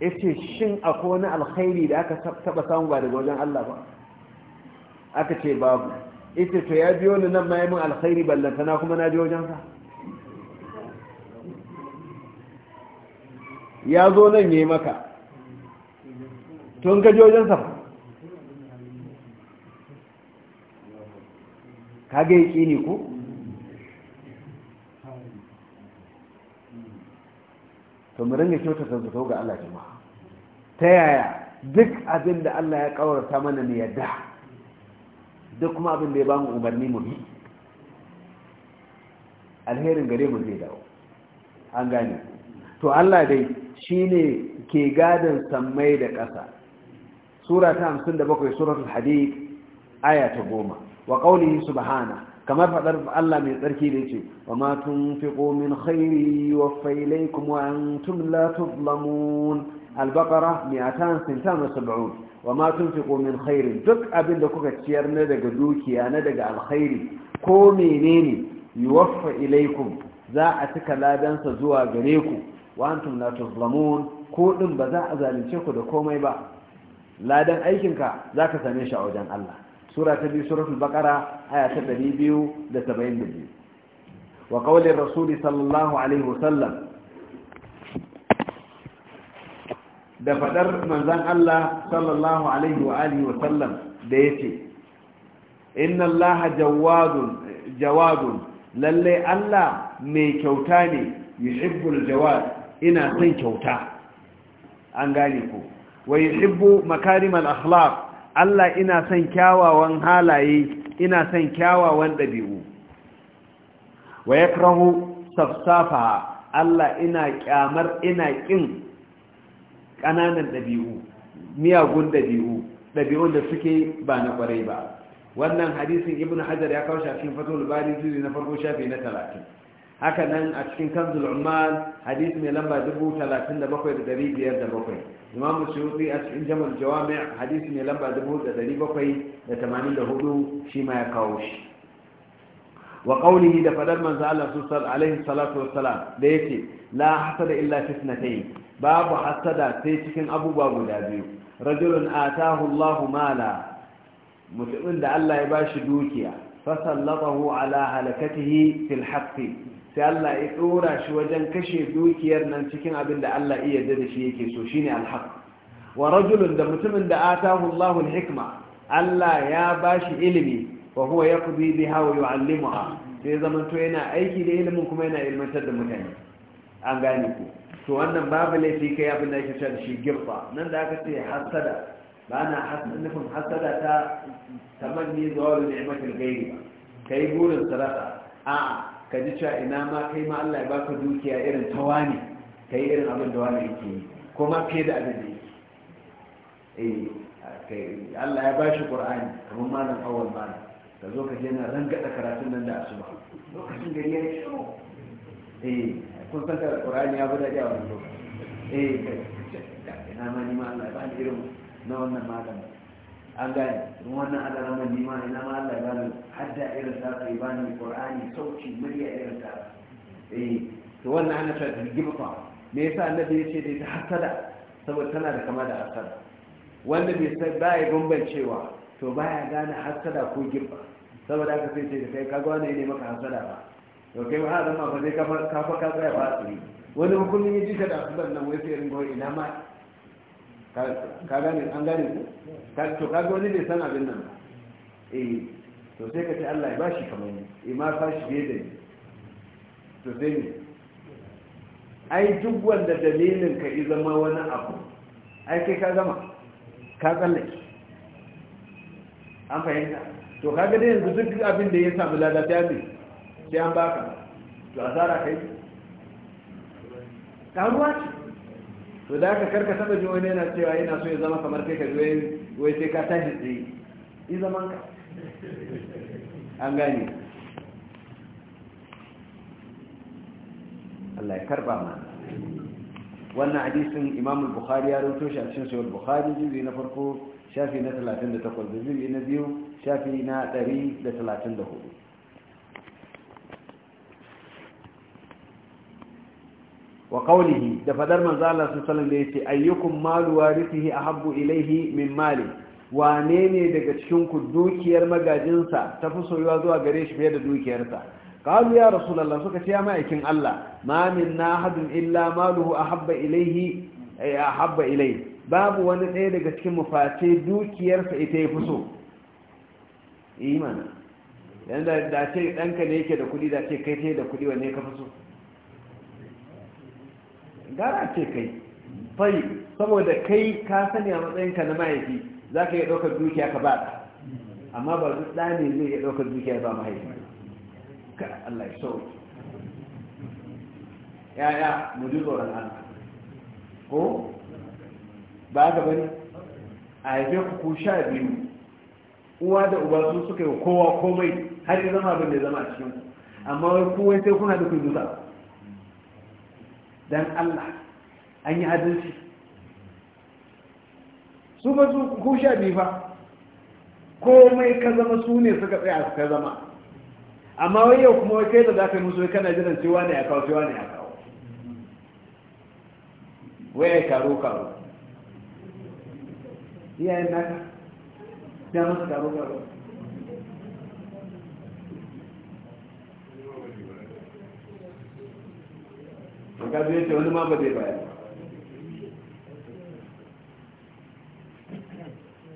ya ce shin akwai wani alkhairi da aka taba samun ba daga wajen Allah ba aka ce babu ya ce to ya biyo ni nan ma yi min alkhairi ballantana kuma na je wajensa ya zo nan ya yi maka tun gajojensa ba kage yi ne ku? to mu ringa kyautata zato ga Allah jama'a ta yaya duk abin da Allah ya kawarta mana ne yadda duk kuma abin da ya bamu umarni mu bi alherin gare mu zai dawo an gane to Allah dai shine ke gadon sammai da ƙasa sura ta 57 suratul hadid aya ta 10 wa qawlihi subhana kamar fadar Allah mai tsarki da yake wa ma tunfiqu min khairi yuwaffa ilaykum wa antum la tuzlamun al-baqara 276 wa ma tunfiqu min khairi duk abin da kuka ciyar na daga dukiya na daga alkhairi ko menene yuwaffa ilaykum za a cika ladansa zuwa gare ku wa antum la tuzlamun ko din ba za a zalunce ku da komai ba ladan aikinka zaka same shi a wajen Allah sura ta biyu suratul baqara aya ta 272 wa qawli rasul sallallahu alaihi wasallam da fadar manzon Allah sallallahu alaihi wa alihi wasallam da yace inna allaha jawadun jawadun lalle Allah mai kyauta ne yuhibbul jawad ina son kyauta an gane ku wa yuhibbu makarimal akhlaq Allah ina son kyawawan halaye ina son kyawawan ɗabi'u wa ya krahu safsafa Allah ina kyamar ina ƙin ƙananan ɗabi'u miyagun ɗabi'u ɗabi'un da suke ba na ƙwarai ba wannan hadisin ibn hajar ya kawo shafin fatul bari jiri na farko shafi na talatin haka nan a cikin kanzul umman hadisi mai lamba 37557 imam shuyuti a cikin jamal jawami hadisi mai lamba 7784 shi ma ya kawo shi wa qawlihi da faɗar manzo Allah sallallahu alaihi salatu wassalam da yake la hasada illa fitnatayn babu hasada sai cikin abubuwa guda biyu rajulun atahu Allahu mala mutumin da Allah ya bashi dukiya fasallatahu ala halakatihi fil haqqi sai Allah ya ɗora shi wajen kashe dukiyar nan cikin abin da Allah iya yarda da shi yake so shine alhaq wa rajulun da mutumin da atahu Allahu alhikma Allah ya bashi ilimi wa huwa yaqdi biha wa yu'allimuha sai zaman to yana aiki da ilimin kuma yana ilmantar da mutane an gane ku to wannan babu laifi kai abin da yake cewa shi girfa nan da aka ce hasada ba na nufin hasada ta tamanni zuwa ni'matul ghairi kai burin sarata a'a ka ji cewa ina ma kai ma Allah ya baka dukiya irin ta wani ka yi irin abin da wani yake yi ko ma fiye da abin da yake eh Allah ya bashi Qur'ani kamar malam awwal malam ka zo ka je jena rangada karatun nan da asuba lokacin gari ya shiru eh kun san ka Qur'ani ya bada jawabi wannan lokaci eh ina ma ni ma Allah ya bani irin na wannan malam an gane don wannan alamar nima ina ma Allah ya gano hadda irin ta kai ba ni qur'ani sauci murya irin ta eh to wannan ana ta gibfa me yasa annabi yace dai ta hasada saboda tana da kama da hasada wanda bai sai baya bambancewa to baya gane hasada ko gibba saboda haka sai ce da kai kaga wannan ne maka hasada ba to kai ba zan ma fa sai ka fa ka tsaya ba wani hukumin ya ji ka da hasada nan wai sai ringo ina ma ka gane an gane ku to kaga wani bai san abin nan eh to sai ka ce Allah ya bashi kamar ni eh ma fashi bai da ni to sai ni ai duk wanda dalilin ka i zama wani abu ai kai ka gama ka tsallake an fahimta to ka dai yanzu duk abin da ya samu lalata ta ne sai an baka to asara kai karuwa ce to da aka karka saba ji wani yana cewa yana so ya zama kamar kai ka ji wai sai ka tashi tsaye yi zaman ka an gane Allah ya karba ma wannan hadisin Imam Bukhari ya rawaito shi a cikin Sahih Bukhari juzu na farko shafi na 38 da juzu na biyu shafi na 134 wa qawlihi da fadar manzo Allah sallallahu alaihi wasallam da yace ayyukum malu warithihi ahabbu ilaihi min mali wane ne daga cikin ku dukiyar magajinsa ta fi soyuwa zuwa gare shi fiye da dukiyarsa qalu ya rasulullah suka ce ya ma'aikin Allah ma na hadin illa maluhu ahabba ilayhi e, ahabba ilaihi babu wani ɗaya daga cikin mufate dukiyarsa ita ya fi so imana yanda da ce ɗanka ne yake da kuɗi da ce kai ta da kuɗi wanne ka fi so gara ce kai fai saboda kai ka sani a matsayinka na mahaifi za ka iya ɗaukar dukiya ka ba amma ba duk ɗa ne zai iya ɗaukar dukiya ba mahaifi ka Allah ya sau yaya mu ji tsoron Allah ko ba ka bani a haife ku ku sha biyu uwa da uba su suka yi kowa komai har ya zama abin da ya zama a cikin amma wai kowai sai kuna da kun zuwa dan Allah an yi adalci su ba su ku sha biyu komai ka zama su ne suka tsaya ka zama amma wai yau kuma wai kai da za ka yi musu kana jiran cewa ne ya kawo cewa ne ya kawo wai ya karo karo iyayen naka ya musu karo karo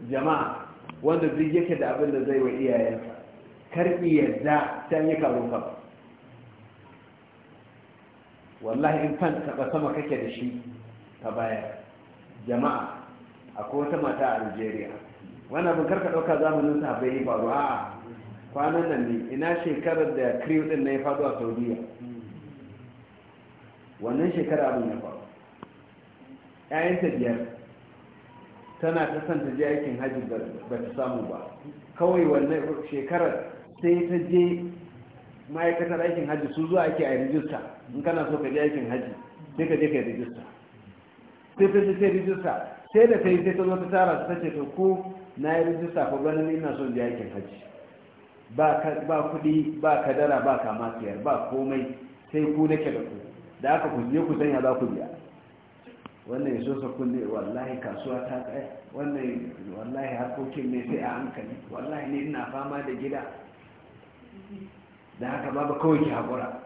jama'a wanda zai yake da abin da zai wa iyayensa karbi yadda ta yi karo ba wallahi in fan taba sama kake da shi ka bayar jama'a akwai wata mata a Algeria wani abin karka dauka zamanin sa bai faru a kwanan nan ne ina shekarar da kriyo ɗin na ya faɗo a Saudiya wannan shekara abin ya faru ‘ya'yanta biyar tana ta san ta je aikin hajji ba ta samu ba kawai wannan shekarar sai ta je ma'aikatar aikin hajji su zuwa ake a rijista in kana so ka je aikin hajji sai ka je ka yi rijista sai ta je rijista sai da ta yi sai ta zo ta tara ta ce to ko na yi rijista ko ganin ina son je aikin hajji ba kuɗi ba kadara ba kama siyar ba komai sai ku nake da ku da aka kuje ku sanya za ku biya wannan ya sosa kunne wallahi kasuwa ta tsaye wannan wallahi harkokin ne sai a hankali wallahi ne ina fama da gida da haka babu kawai ki haƙura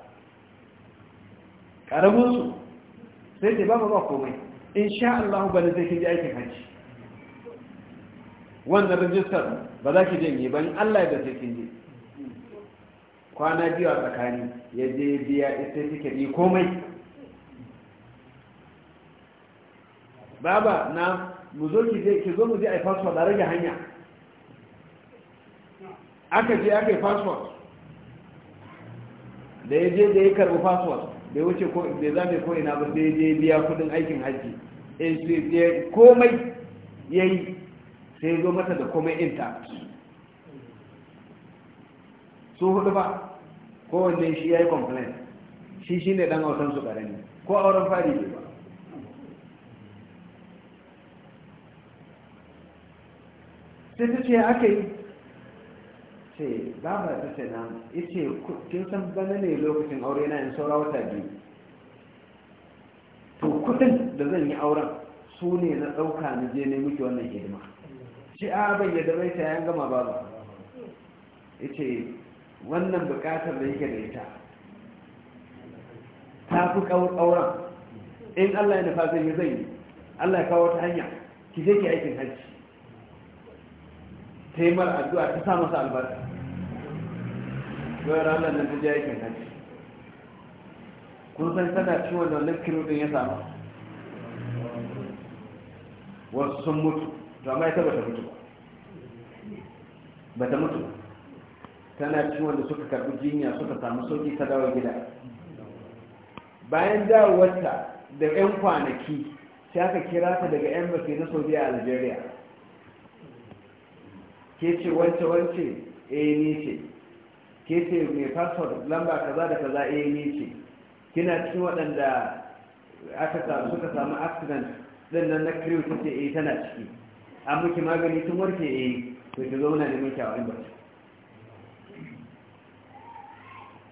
ƙaraminsu sai ce babu ba komai in sha Allah ba da zai ki ji aikin hajji wannan rajistar ba za ki janye ba in Allah ya da zai kin je kwana biyu a tsakani ya je biya ita suke yi komai baba na mu zo ki zo mu je a yi fasfot a rage hanya aka je aka yi fasfot da ya je da ya karbi fasfot da wuce ko da za mai ko ina ba da ya je biya kudin aikin hajji eh, komai ya yi sai zo mata da komai inta su hudu ba kowanne shi ya yi complain shi shi ne ɗan su ƙarami ko auren fari ne ba sai ta ce aka yi ce ba ba ta ce na ita ce san bana ne lokacin aure na in saura wata biyu to kudin da zan yi auren su ne na ɗauka na je ne miki wannan hidima shi a bai bai ta yan gama ba ba ita. wannan bukatar da yake da ita ta fi ƙauran in Allah ya nufa zai yi zai yi Allah ya kawo ta hanya ki je ki aikin hajji ta yi mara addu'a ta sa masa albarka zuwa ranar nan ta je aikin hajji kun san tana ciwon da wannan kiro ya samu wasu sun mutu to amma ya taba ta mutu ba ta mutu ba tana ciwon wanda suka karbi jinya suka samu sauki ta dawo gida bayan dawowarta da 'yan kwanaki sai aka kira ta daga embassy na saudiya a algeria ke ce wance wance eh ce ke ce mai passport lamba kaza da kaza eh ni ce kina cikin waɗanda aka suka samu accident din nan na crew ta ce eh tana ciki an miki magani tun warke yi eh. to ki zauna da miki a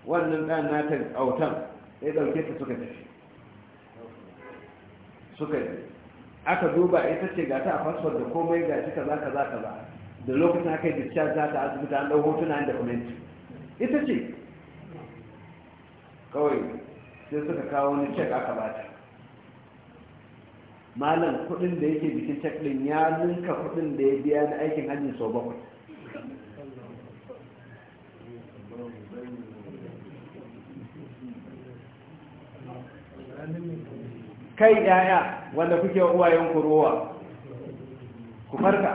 wannan ɗan nata ƙautan ya ɗauke ta suka tafi suka yi aka duba ita ce ga ta a fasfar da komai ga za ka-za ka ba. da lokacin aka yi discharge za ta asibiti an ɗau hotuna da dokumenti ita ce kawai sai suka kawo wani cek aka ba ta. malam kudin da yake bikin cek din ya ninka kudin da ya biya na aikin hajji sau bakwai kai yaya wanda kuke uwayen ku ruwa, ku farka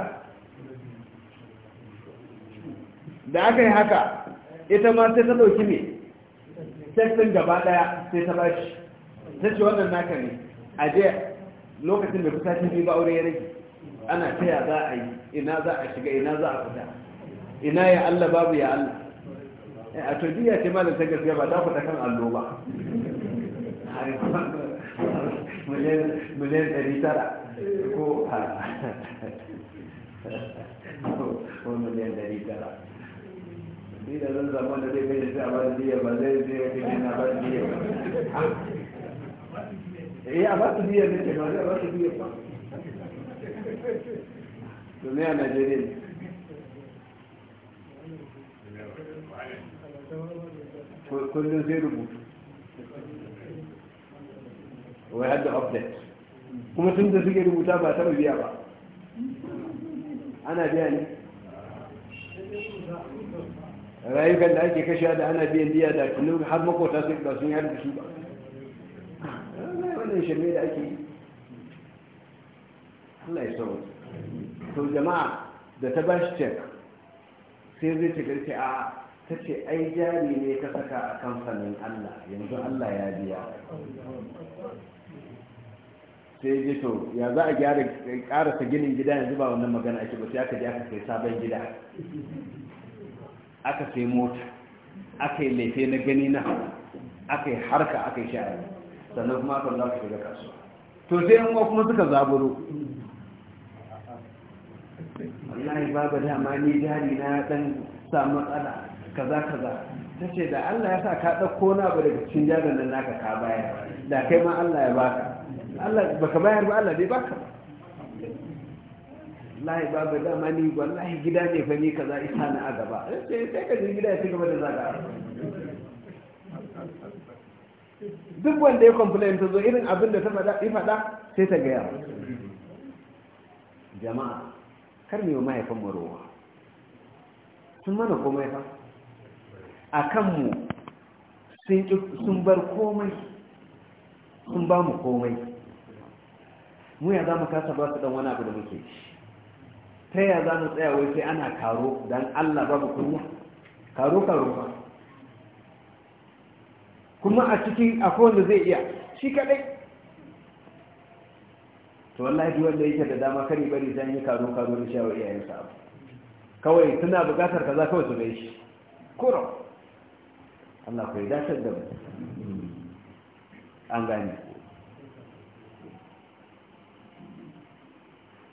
da aka yi haka ita ma sai ta ɗauki ne ɗin gaba ɗaya sai ta bashi ta ce wannan naka ne a je lokacin da kusa ta ba aure ya rage ana taya za a yi ina za a shiga ina za a fita ina ya Allah babu ya Allah eh, a turbiya ce malam ta gaskiya ba ta kan allo ba miliyan ɗari a ko miliyan zai wai hadda update kuma tun da suke rubuta ba taɓa biya ba ana biya ne rayukan da ake kashe da ana biyan biya da tunu har makota su ba sun yarda shi ba wannan shirme da ake yi Allah ya sauwa to jama'a da ta ba shi cek sai zai ce garke a ta ce ai jari ne ka saka a kamfanin Allah yanzu Allah ya biya sai ya to ya za a gyara karasa ginin gida yanzu ba wannan magana ake ba sai aka je aka sai sabon gida aka sai mota aka yi lefe na gani na aka yi harka aka yi sha'ari sannan kuma aka za ka shiga kasuwa to sai yan kuma suka zaburo wallahi babu dama ni jari na dan samu matsala kaza kaza ta ce da Allah ya sa ka ɗauko na abu daga cikin jarin nan naka ka bayar da kai ma Allah ya baka Allah baka bayar ba Allah bai baka ba ba babu dama ni wallahi gida ne fa ni kaza isa na a gaba eh, sai ka je gida ya fi gaba da zaga duk wanda ya complain ta zo irin abin da ta faɗa sai ta gaya jama'a kar ne wa mahaifan marowa sun mana komai fa a kanmu sun bar komai sun ba mu komai mu ya za mu kasa ba su dan wani abu da muke ta ya za mu tsaya wai sai ana karo dan allah babu kunya karo karo ba kuma a cikin akwai wanda zai iya shi kadai to wallahi duk wanda yake da dama kari bari zan yi karo karo da shawo iyayensa abu kawai suna bukatar kaza kawai su bai shi kuro Allah ku yi da mu an gane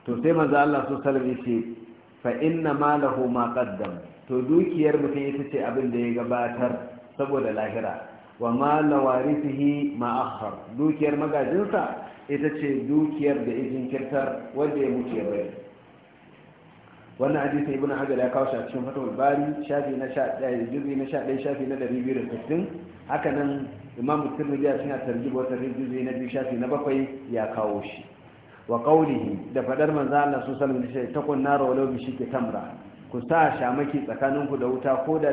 to sai manzo Allah su sallam yace fa inna lahu ma qaddam to dukiyar mutum ita ce abin da ya gabatar saboda lahira wa ma lawarithihi ma akhar dukiyar magajinsa ita ce dukiyar da izin kirtar wanda ya mutu ya bayar wannan hadisi ibnu hajar ya kawo shi a cikin fatawul bari shafi na 11 juzi na 11 shafi na 260 haka nan imamu tirmidhi a cikin tarjib wa juzi na 2 shafi na 7 ya kawo shi wa qawlihi da fadar manzo Allah sallallahu alaihi wasallam shi ta kunna walau bi ke tamra ku sa shamaki tsakaninku da wuta ko da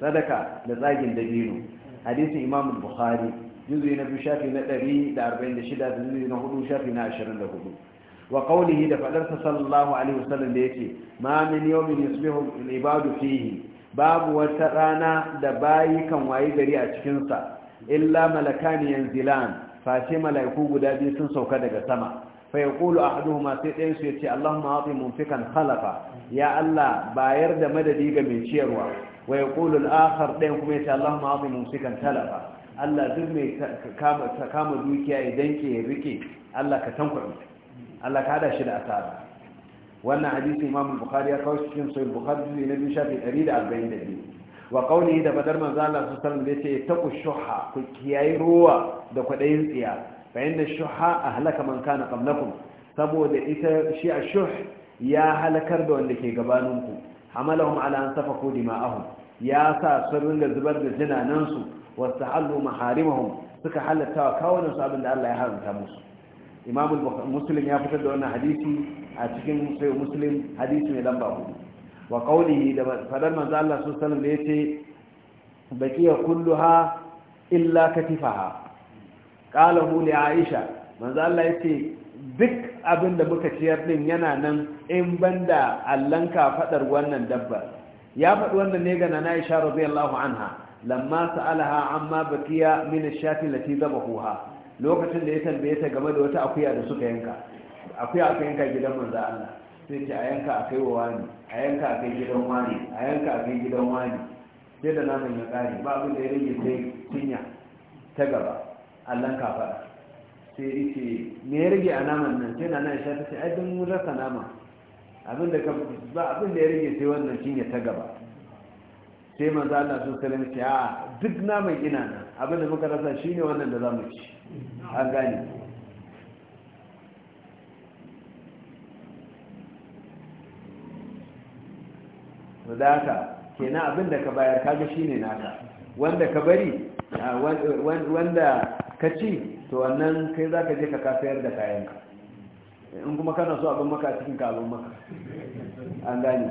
sadaka da tsagin dabino hadisin imam bukhari juzu na biyu shafi na 146 da juzu na hudu shafi na 24 wa qawlihi da sa sallallahu alaihi wasallam da yace ma min yawmin yusbihu al-ibadu fihi babu wata rana da bayi kan wayi gari a cikin sa illa malakani yanzilan face mala'iku guda biyu sun sauka daga sama fa yaqulu ahaduhuma sai ɗayan su yace Allahumma ati munfikan khalafa ya Allah bayar da madadi ga mai ciyarwa wa yaqulu al-akhar ɗayan kuma yace Allahumma ati mumsikan talafa Allah duk mai kama kama dukiya ya ke ya rike Allah ka tankwabi Allah ka hada shi da asara wannan hadisi Imam Bukhari ya kawo cikin Sahih Bukhari na 242 wa kauli da fadar manzo Allah sallallahu alaihi wasallam yace taqu shuha ku kiyayi ruwa da kwadayin tsiya fa inna shuha ahlaka man kana qablakum saboda ita shi ashuh ya halakar da wanda ke gabaninku hamalahum ala an safaku dima'ahum ya sa sun ringa zubar da jinanansu wasu hallu maharimahum suka halatta wa kawunan su abinda Allah ya haramta musu imam muslim ya fitar da wannan hadisi a cikin sai muslim hadisi mai lamba hudu wa qawlihi da fadar manzo Allah sallallahu alaihi wasallam da yace baqiya kulluha illa katifaha hu li aisha manzo Allah yace duk abin da muka ciyar din yana nan in banda allanka fadar wannan dabbar ya faɗi wannan ne ga nana Aisha radiyallahu anha lamma sa'alaha amma baqiya min ash-shati allati zabahuha lokacin da ya tambaye ta game da wata akuya da suka yanka akuya aka yanka gidan manzo Allah sai ce a yanka a kai wa wani a yanka a kai gidan wani a yanka a kai gidan wani sai da naman ya kare ba abin da ya rage sai cinya ta gaba allon kafaɗa sai ce me ya rage a naman nan sai na nan ya ce ai don rasa nama abin da ba abin da ya rage sai wannan cinya ta gaba sai manzo Allah sun sallama ce a duk naman ina nan abin da muka rasa shine wannan da zamu ci an gane to kenan abin da ka bayar kaga shine naka wanda ka bari wanda ka ci to wannan kai zaka je ka kasayar da kayan ka in kuma kana so abin maka cikin ka abin maka an gane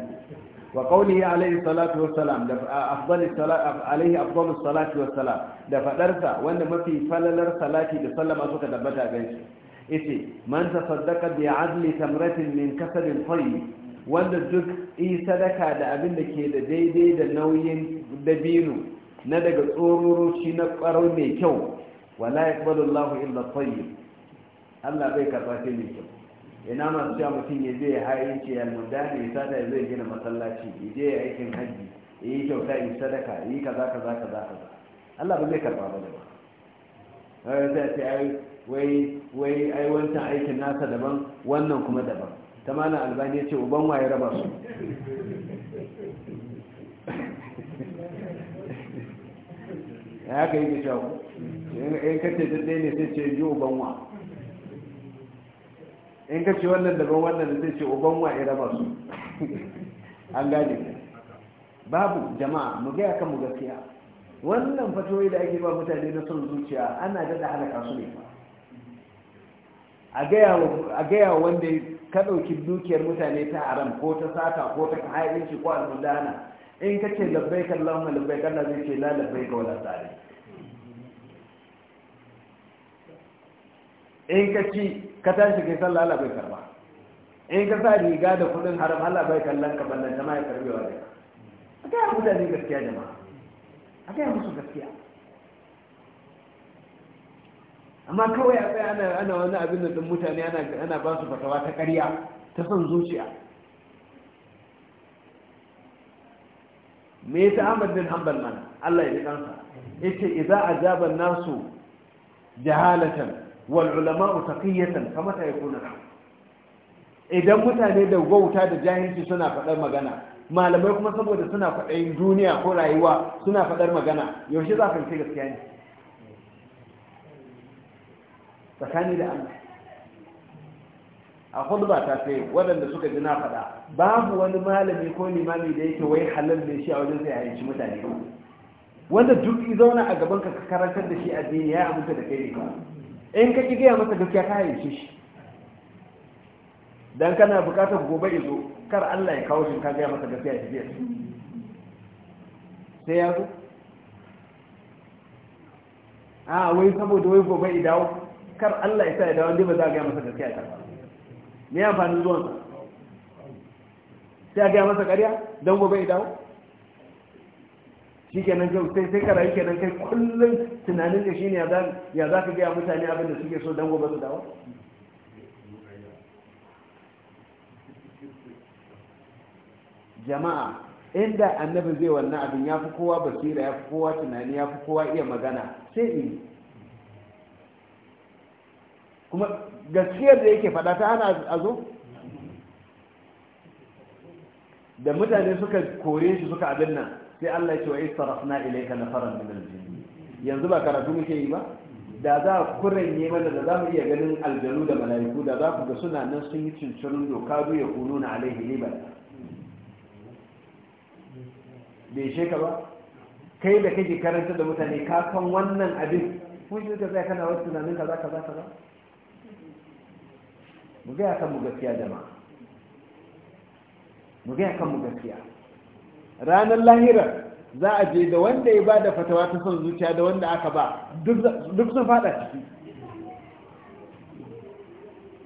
wa qawlihi alayhi salatu wassalam da afdalis salatu alayhi afdalus salatu wassalam da fadarsa wanda mafi falalar salati da sallama suka tabbata gaishe yace man tasaddaqa bi adli tamratin min kasabin tayyib wanda duk yi sadaka da abin da ke da daidai da nauyin dabino na daga tsororoci na ƙwaro mai kyau wala ya kwalu Allah illa tsayi Allah bai karɓa sai mai kyau ina masu cewa mutum ya zai hayin ce yalmunda ne ya sada ya zai gina masallaci ya je ya aikin hajji ya yi kyauta ya yi sadaka ya yi kaza kaza kaza kaza Allah ba zai karɓa ba da ba wai wai ai wancan aikin nasa daban wannan kuma daban ta mana albani ya ce uban waye raba su ya haka yi cewa in kace dade ne sai ce yi uban wa in kace wannan daban wannan sai ce uban wa ya raba su an gane babu jama'a mu gaya kan mu gaskiya wannan fatoyi da ake ba mutane na son zuciya ana dada halaka su ne a gaya wanda ka ɗauki dukiyar mutane ta haram ko ta sata ko ta haɗin ko almudana in ka ce labbai kan lamma labbai kan zai ce la labbai ka wala tsari in ka ci ka tashi kai sallah Allah bai karba in ka sa riga da kudin haram Allah bai kallon ka ballan jama'a ya karbewa da ka ga mutane gaskiya jama'a a ga musu gaskiya amma kawai a tsaye ana wani abin da mutane ana ba su fatawa ta ƙarya ta son zuciya me yasa Ahmad din Hanbal mana Allah ya kansa ce iza a jaban nasu jahalatan wal ulama taqiyatan kama ta kuna idan mutane da wauta da jahilci suna faɗar magana malamai kuma saboda suna faɗayin duniya ko rayuwa suna faɗar magana yaushe za ka ce gaskiya ne tsakani da Allah a hudba ta sai waɗanda suka ji na faɗa babu wani malami ko limami da yake wai halal ne shi a wajen sai hayyanci mutane wanda duk i zauna a gaban ka karantar da shi a addini ya aminta da kai ne in ka ki gaya masa gaskiya ka hayyanci shi dan kana buƙatar gobe izo kar Allah ya kawo shi ka gaya masa gaskiya ya tafiya sai ya zo a wai saboda wai gobe idawo kar Allah ya sa ya dawo ba za a gaya masa gaskiya ta ne ya amfani zuwan sa sai a gaya masa ƙarya don gobe ya dawo shi kenan sai sai karayi kenan kai kullum tunanin da shi ne ya za ka gaya mutane abin da suke so don gobe su dawo jama'a inda annabi zai wannan abin ya fi kowa basira ya fi kowa tunani ya fi kowa iya magana sai in kuma gaskiyar da yake fada ta hana a zo da mutane suka kore shi suka abin nan sai Allah ya ce wa istarafna ilayka nafaran min al-jinn yanzu ba karatu muke yi ba da za ku kuranye mana da za mu iya ganin aljanu da mala'iku da za ku ga suna nan sun yi cincirin doka duya kuno na alaihi liban bai ka ba kai da kake karanta da mutane ka san wannan abin kun shi ka zai kana wasu tunanin kaza kaza kaza mu gaya kan mu gaskiya jama'a mu gaya kan mu gaskiya ranar lahira za a je da wanda ya ba da fatawa ta son zuciya da wanda aka ba duk sun fada ciki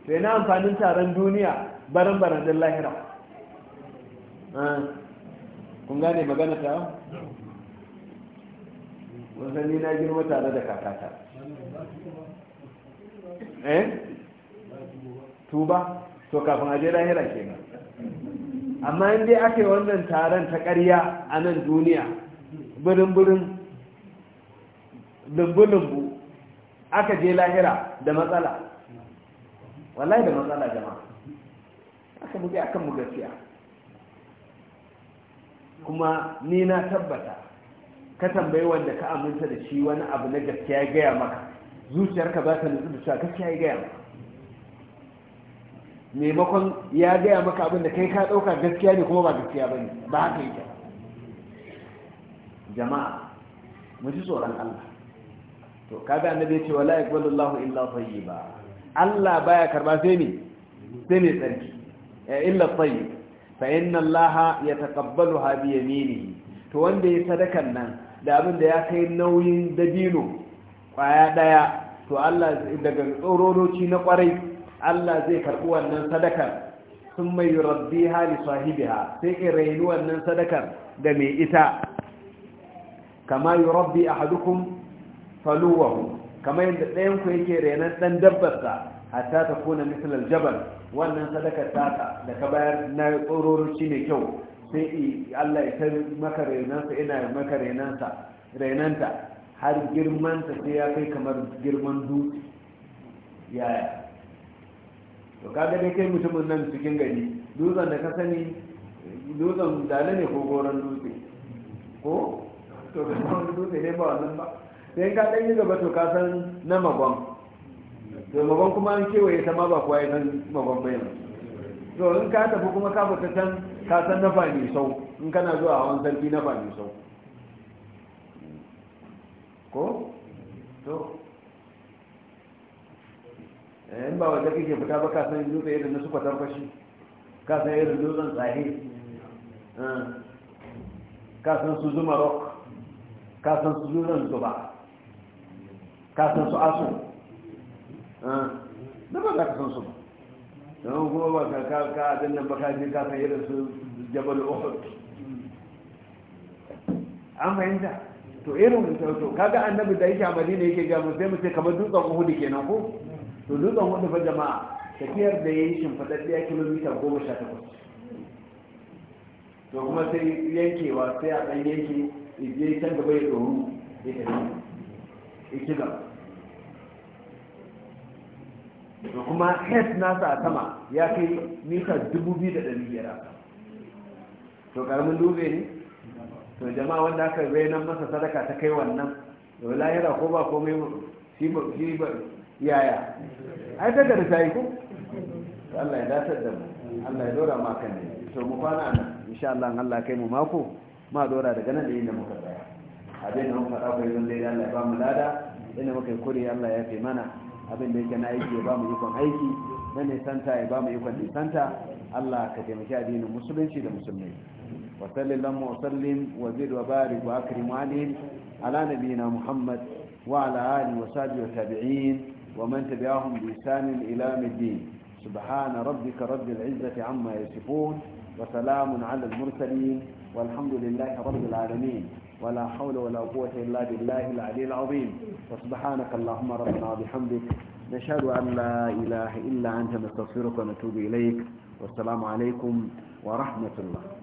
sai na amfanin taron duniya baran barandun lahira ah, kun gane magana ta wasanni na girma tare da kakata eh tuba to kafin a je lahira nan amma in dai aka yi wannan taron ta ƙarya a nan duniya birin-birin lumbu-lumbu aka je lahira da matsala wallahi da matsala jama'a aka muke akan mu gaskiya kuma ni na tabbata ka tambayi wanda ka aminta da shi wani abu na gaskiya gaya maka zuciyarka ba ta nutsu da cewa gaskiya gaya maka maimakon ya gaya maka abin da kai ka ɗauka gaskiya ne kuma ba gaskiya ba ne ba haka yake jama'a mu ji tsoron Allah to kaga annabi ya ce wala yaqbalu Allahu illa tayyiba Allah baya karba sai ne sai ne tsarki eh, illa tayyib fa inna Allah yataqabbaluha bi yaminihi to wanda ya sadakan nan da abin da ya kai nauyin dabino kwaya daya to Allah daga tsororoci na kwarai Allah zai karɓi wannan sadakar sun mai rabbi hali sahibiha sai in raini wannan sadakar da mai ita kama yi rabbi a hadukun faluwahu kama yadda ɗayanku yake renon ɗan dabbarsa a ta kuna misalar jabal wannan sadakar taka da ka bayar na tsororoci mai kyau sai Allah ya san maka renonsa ina maka renonsa renonta har girmanta sai ya kai kamar girman dutse yaya to kaga dai kai mutumin nan cikin gari dutsen da ka sani dutsen dale ne ko goron dutse ko to ga san dutse ne ba wannan ba sai ka dan yi gaba to ka san na magon to magon kuma an kewaye ta ma ba kuwa ya san magon bai to in ka tafi kuma ka fita can ka san na fami sau in kana zuwa hawan sarki na fami sau ko to Eh, in ba wanda kake fita ba ka san dutse irin na su fatan fashi ka san irin dutsen tsaye eh, ka san su zuma rock ka san su zuzan zuba ka san su aso eh, da ba za ka san su ba don kuma ba ka ka abin nan ba ka je ka san irin su jabal uhud an fahimta to irin to kaga annabi da yake a madina yake ga mu sai mu sai kamar dutsen uhud kenan ko to dutsen wanda fa jama'a tafiyar da ya yi shimfiɗaɗɗiya kilomita goma sha takwas to kuma sai yankewa sai a ɗan yanke je can gaba ya ɗoru ya tafi ya ci gaba kuma head nasa a sama ya kai mita dubu biyu da ɗari biyar to karamin dube ne to jama'a wanda aka nan masa sadaka ta kai wannan da lahira ko ba komai shi ba yaya ai ta da ta yi ku Allah ya datar da mu Allah ya dora maka ne to mu kwana nan insha Allah Allah kai mu mako ma dora daga nan da yin da muka tsaya abin da muka faɗa ko yanzu dai Allah ya ba mu lada inda muka yi kuri Allah ya fi mana abin da yake na aiki ya ba mu ikon aiki na nisanta ya ba mu ikon nisanta Allah ka taimaki addinin musulunci da musulmai wa sallallahu wa sallim wa zid wa barik wa akrim alayhi ala nabiyina muhammad wa ala alihi wa sahbihi wa tabi'in ومن تبعهم بإحسان إلى الدين سبحان ربك رب العزة عما يصفون وسلام على المرسلين والحمد لله رب العالمين ولا حول ولا قوة إلا بالله العلي العظيم وسبحانك اللهم ربنا وبحمدك نشهد أن لا إله إلا أنت نستغفرك ونتوب إليك والسلام عليكم ورحمة الله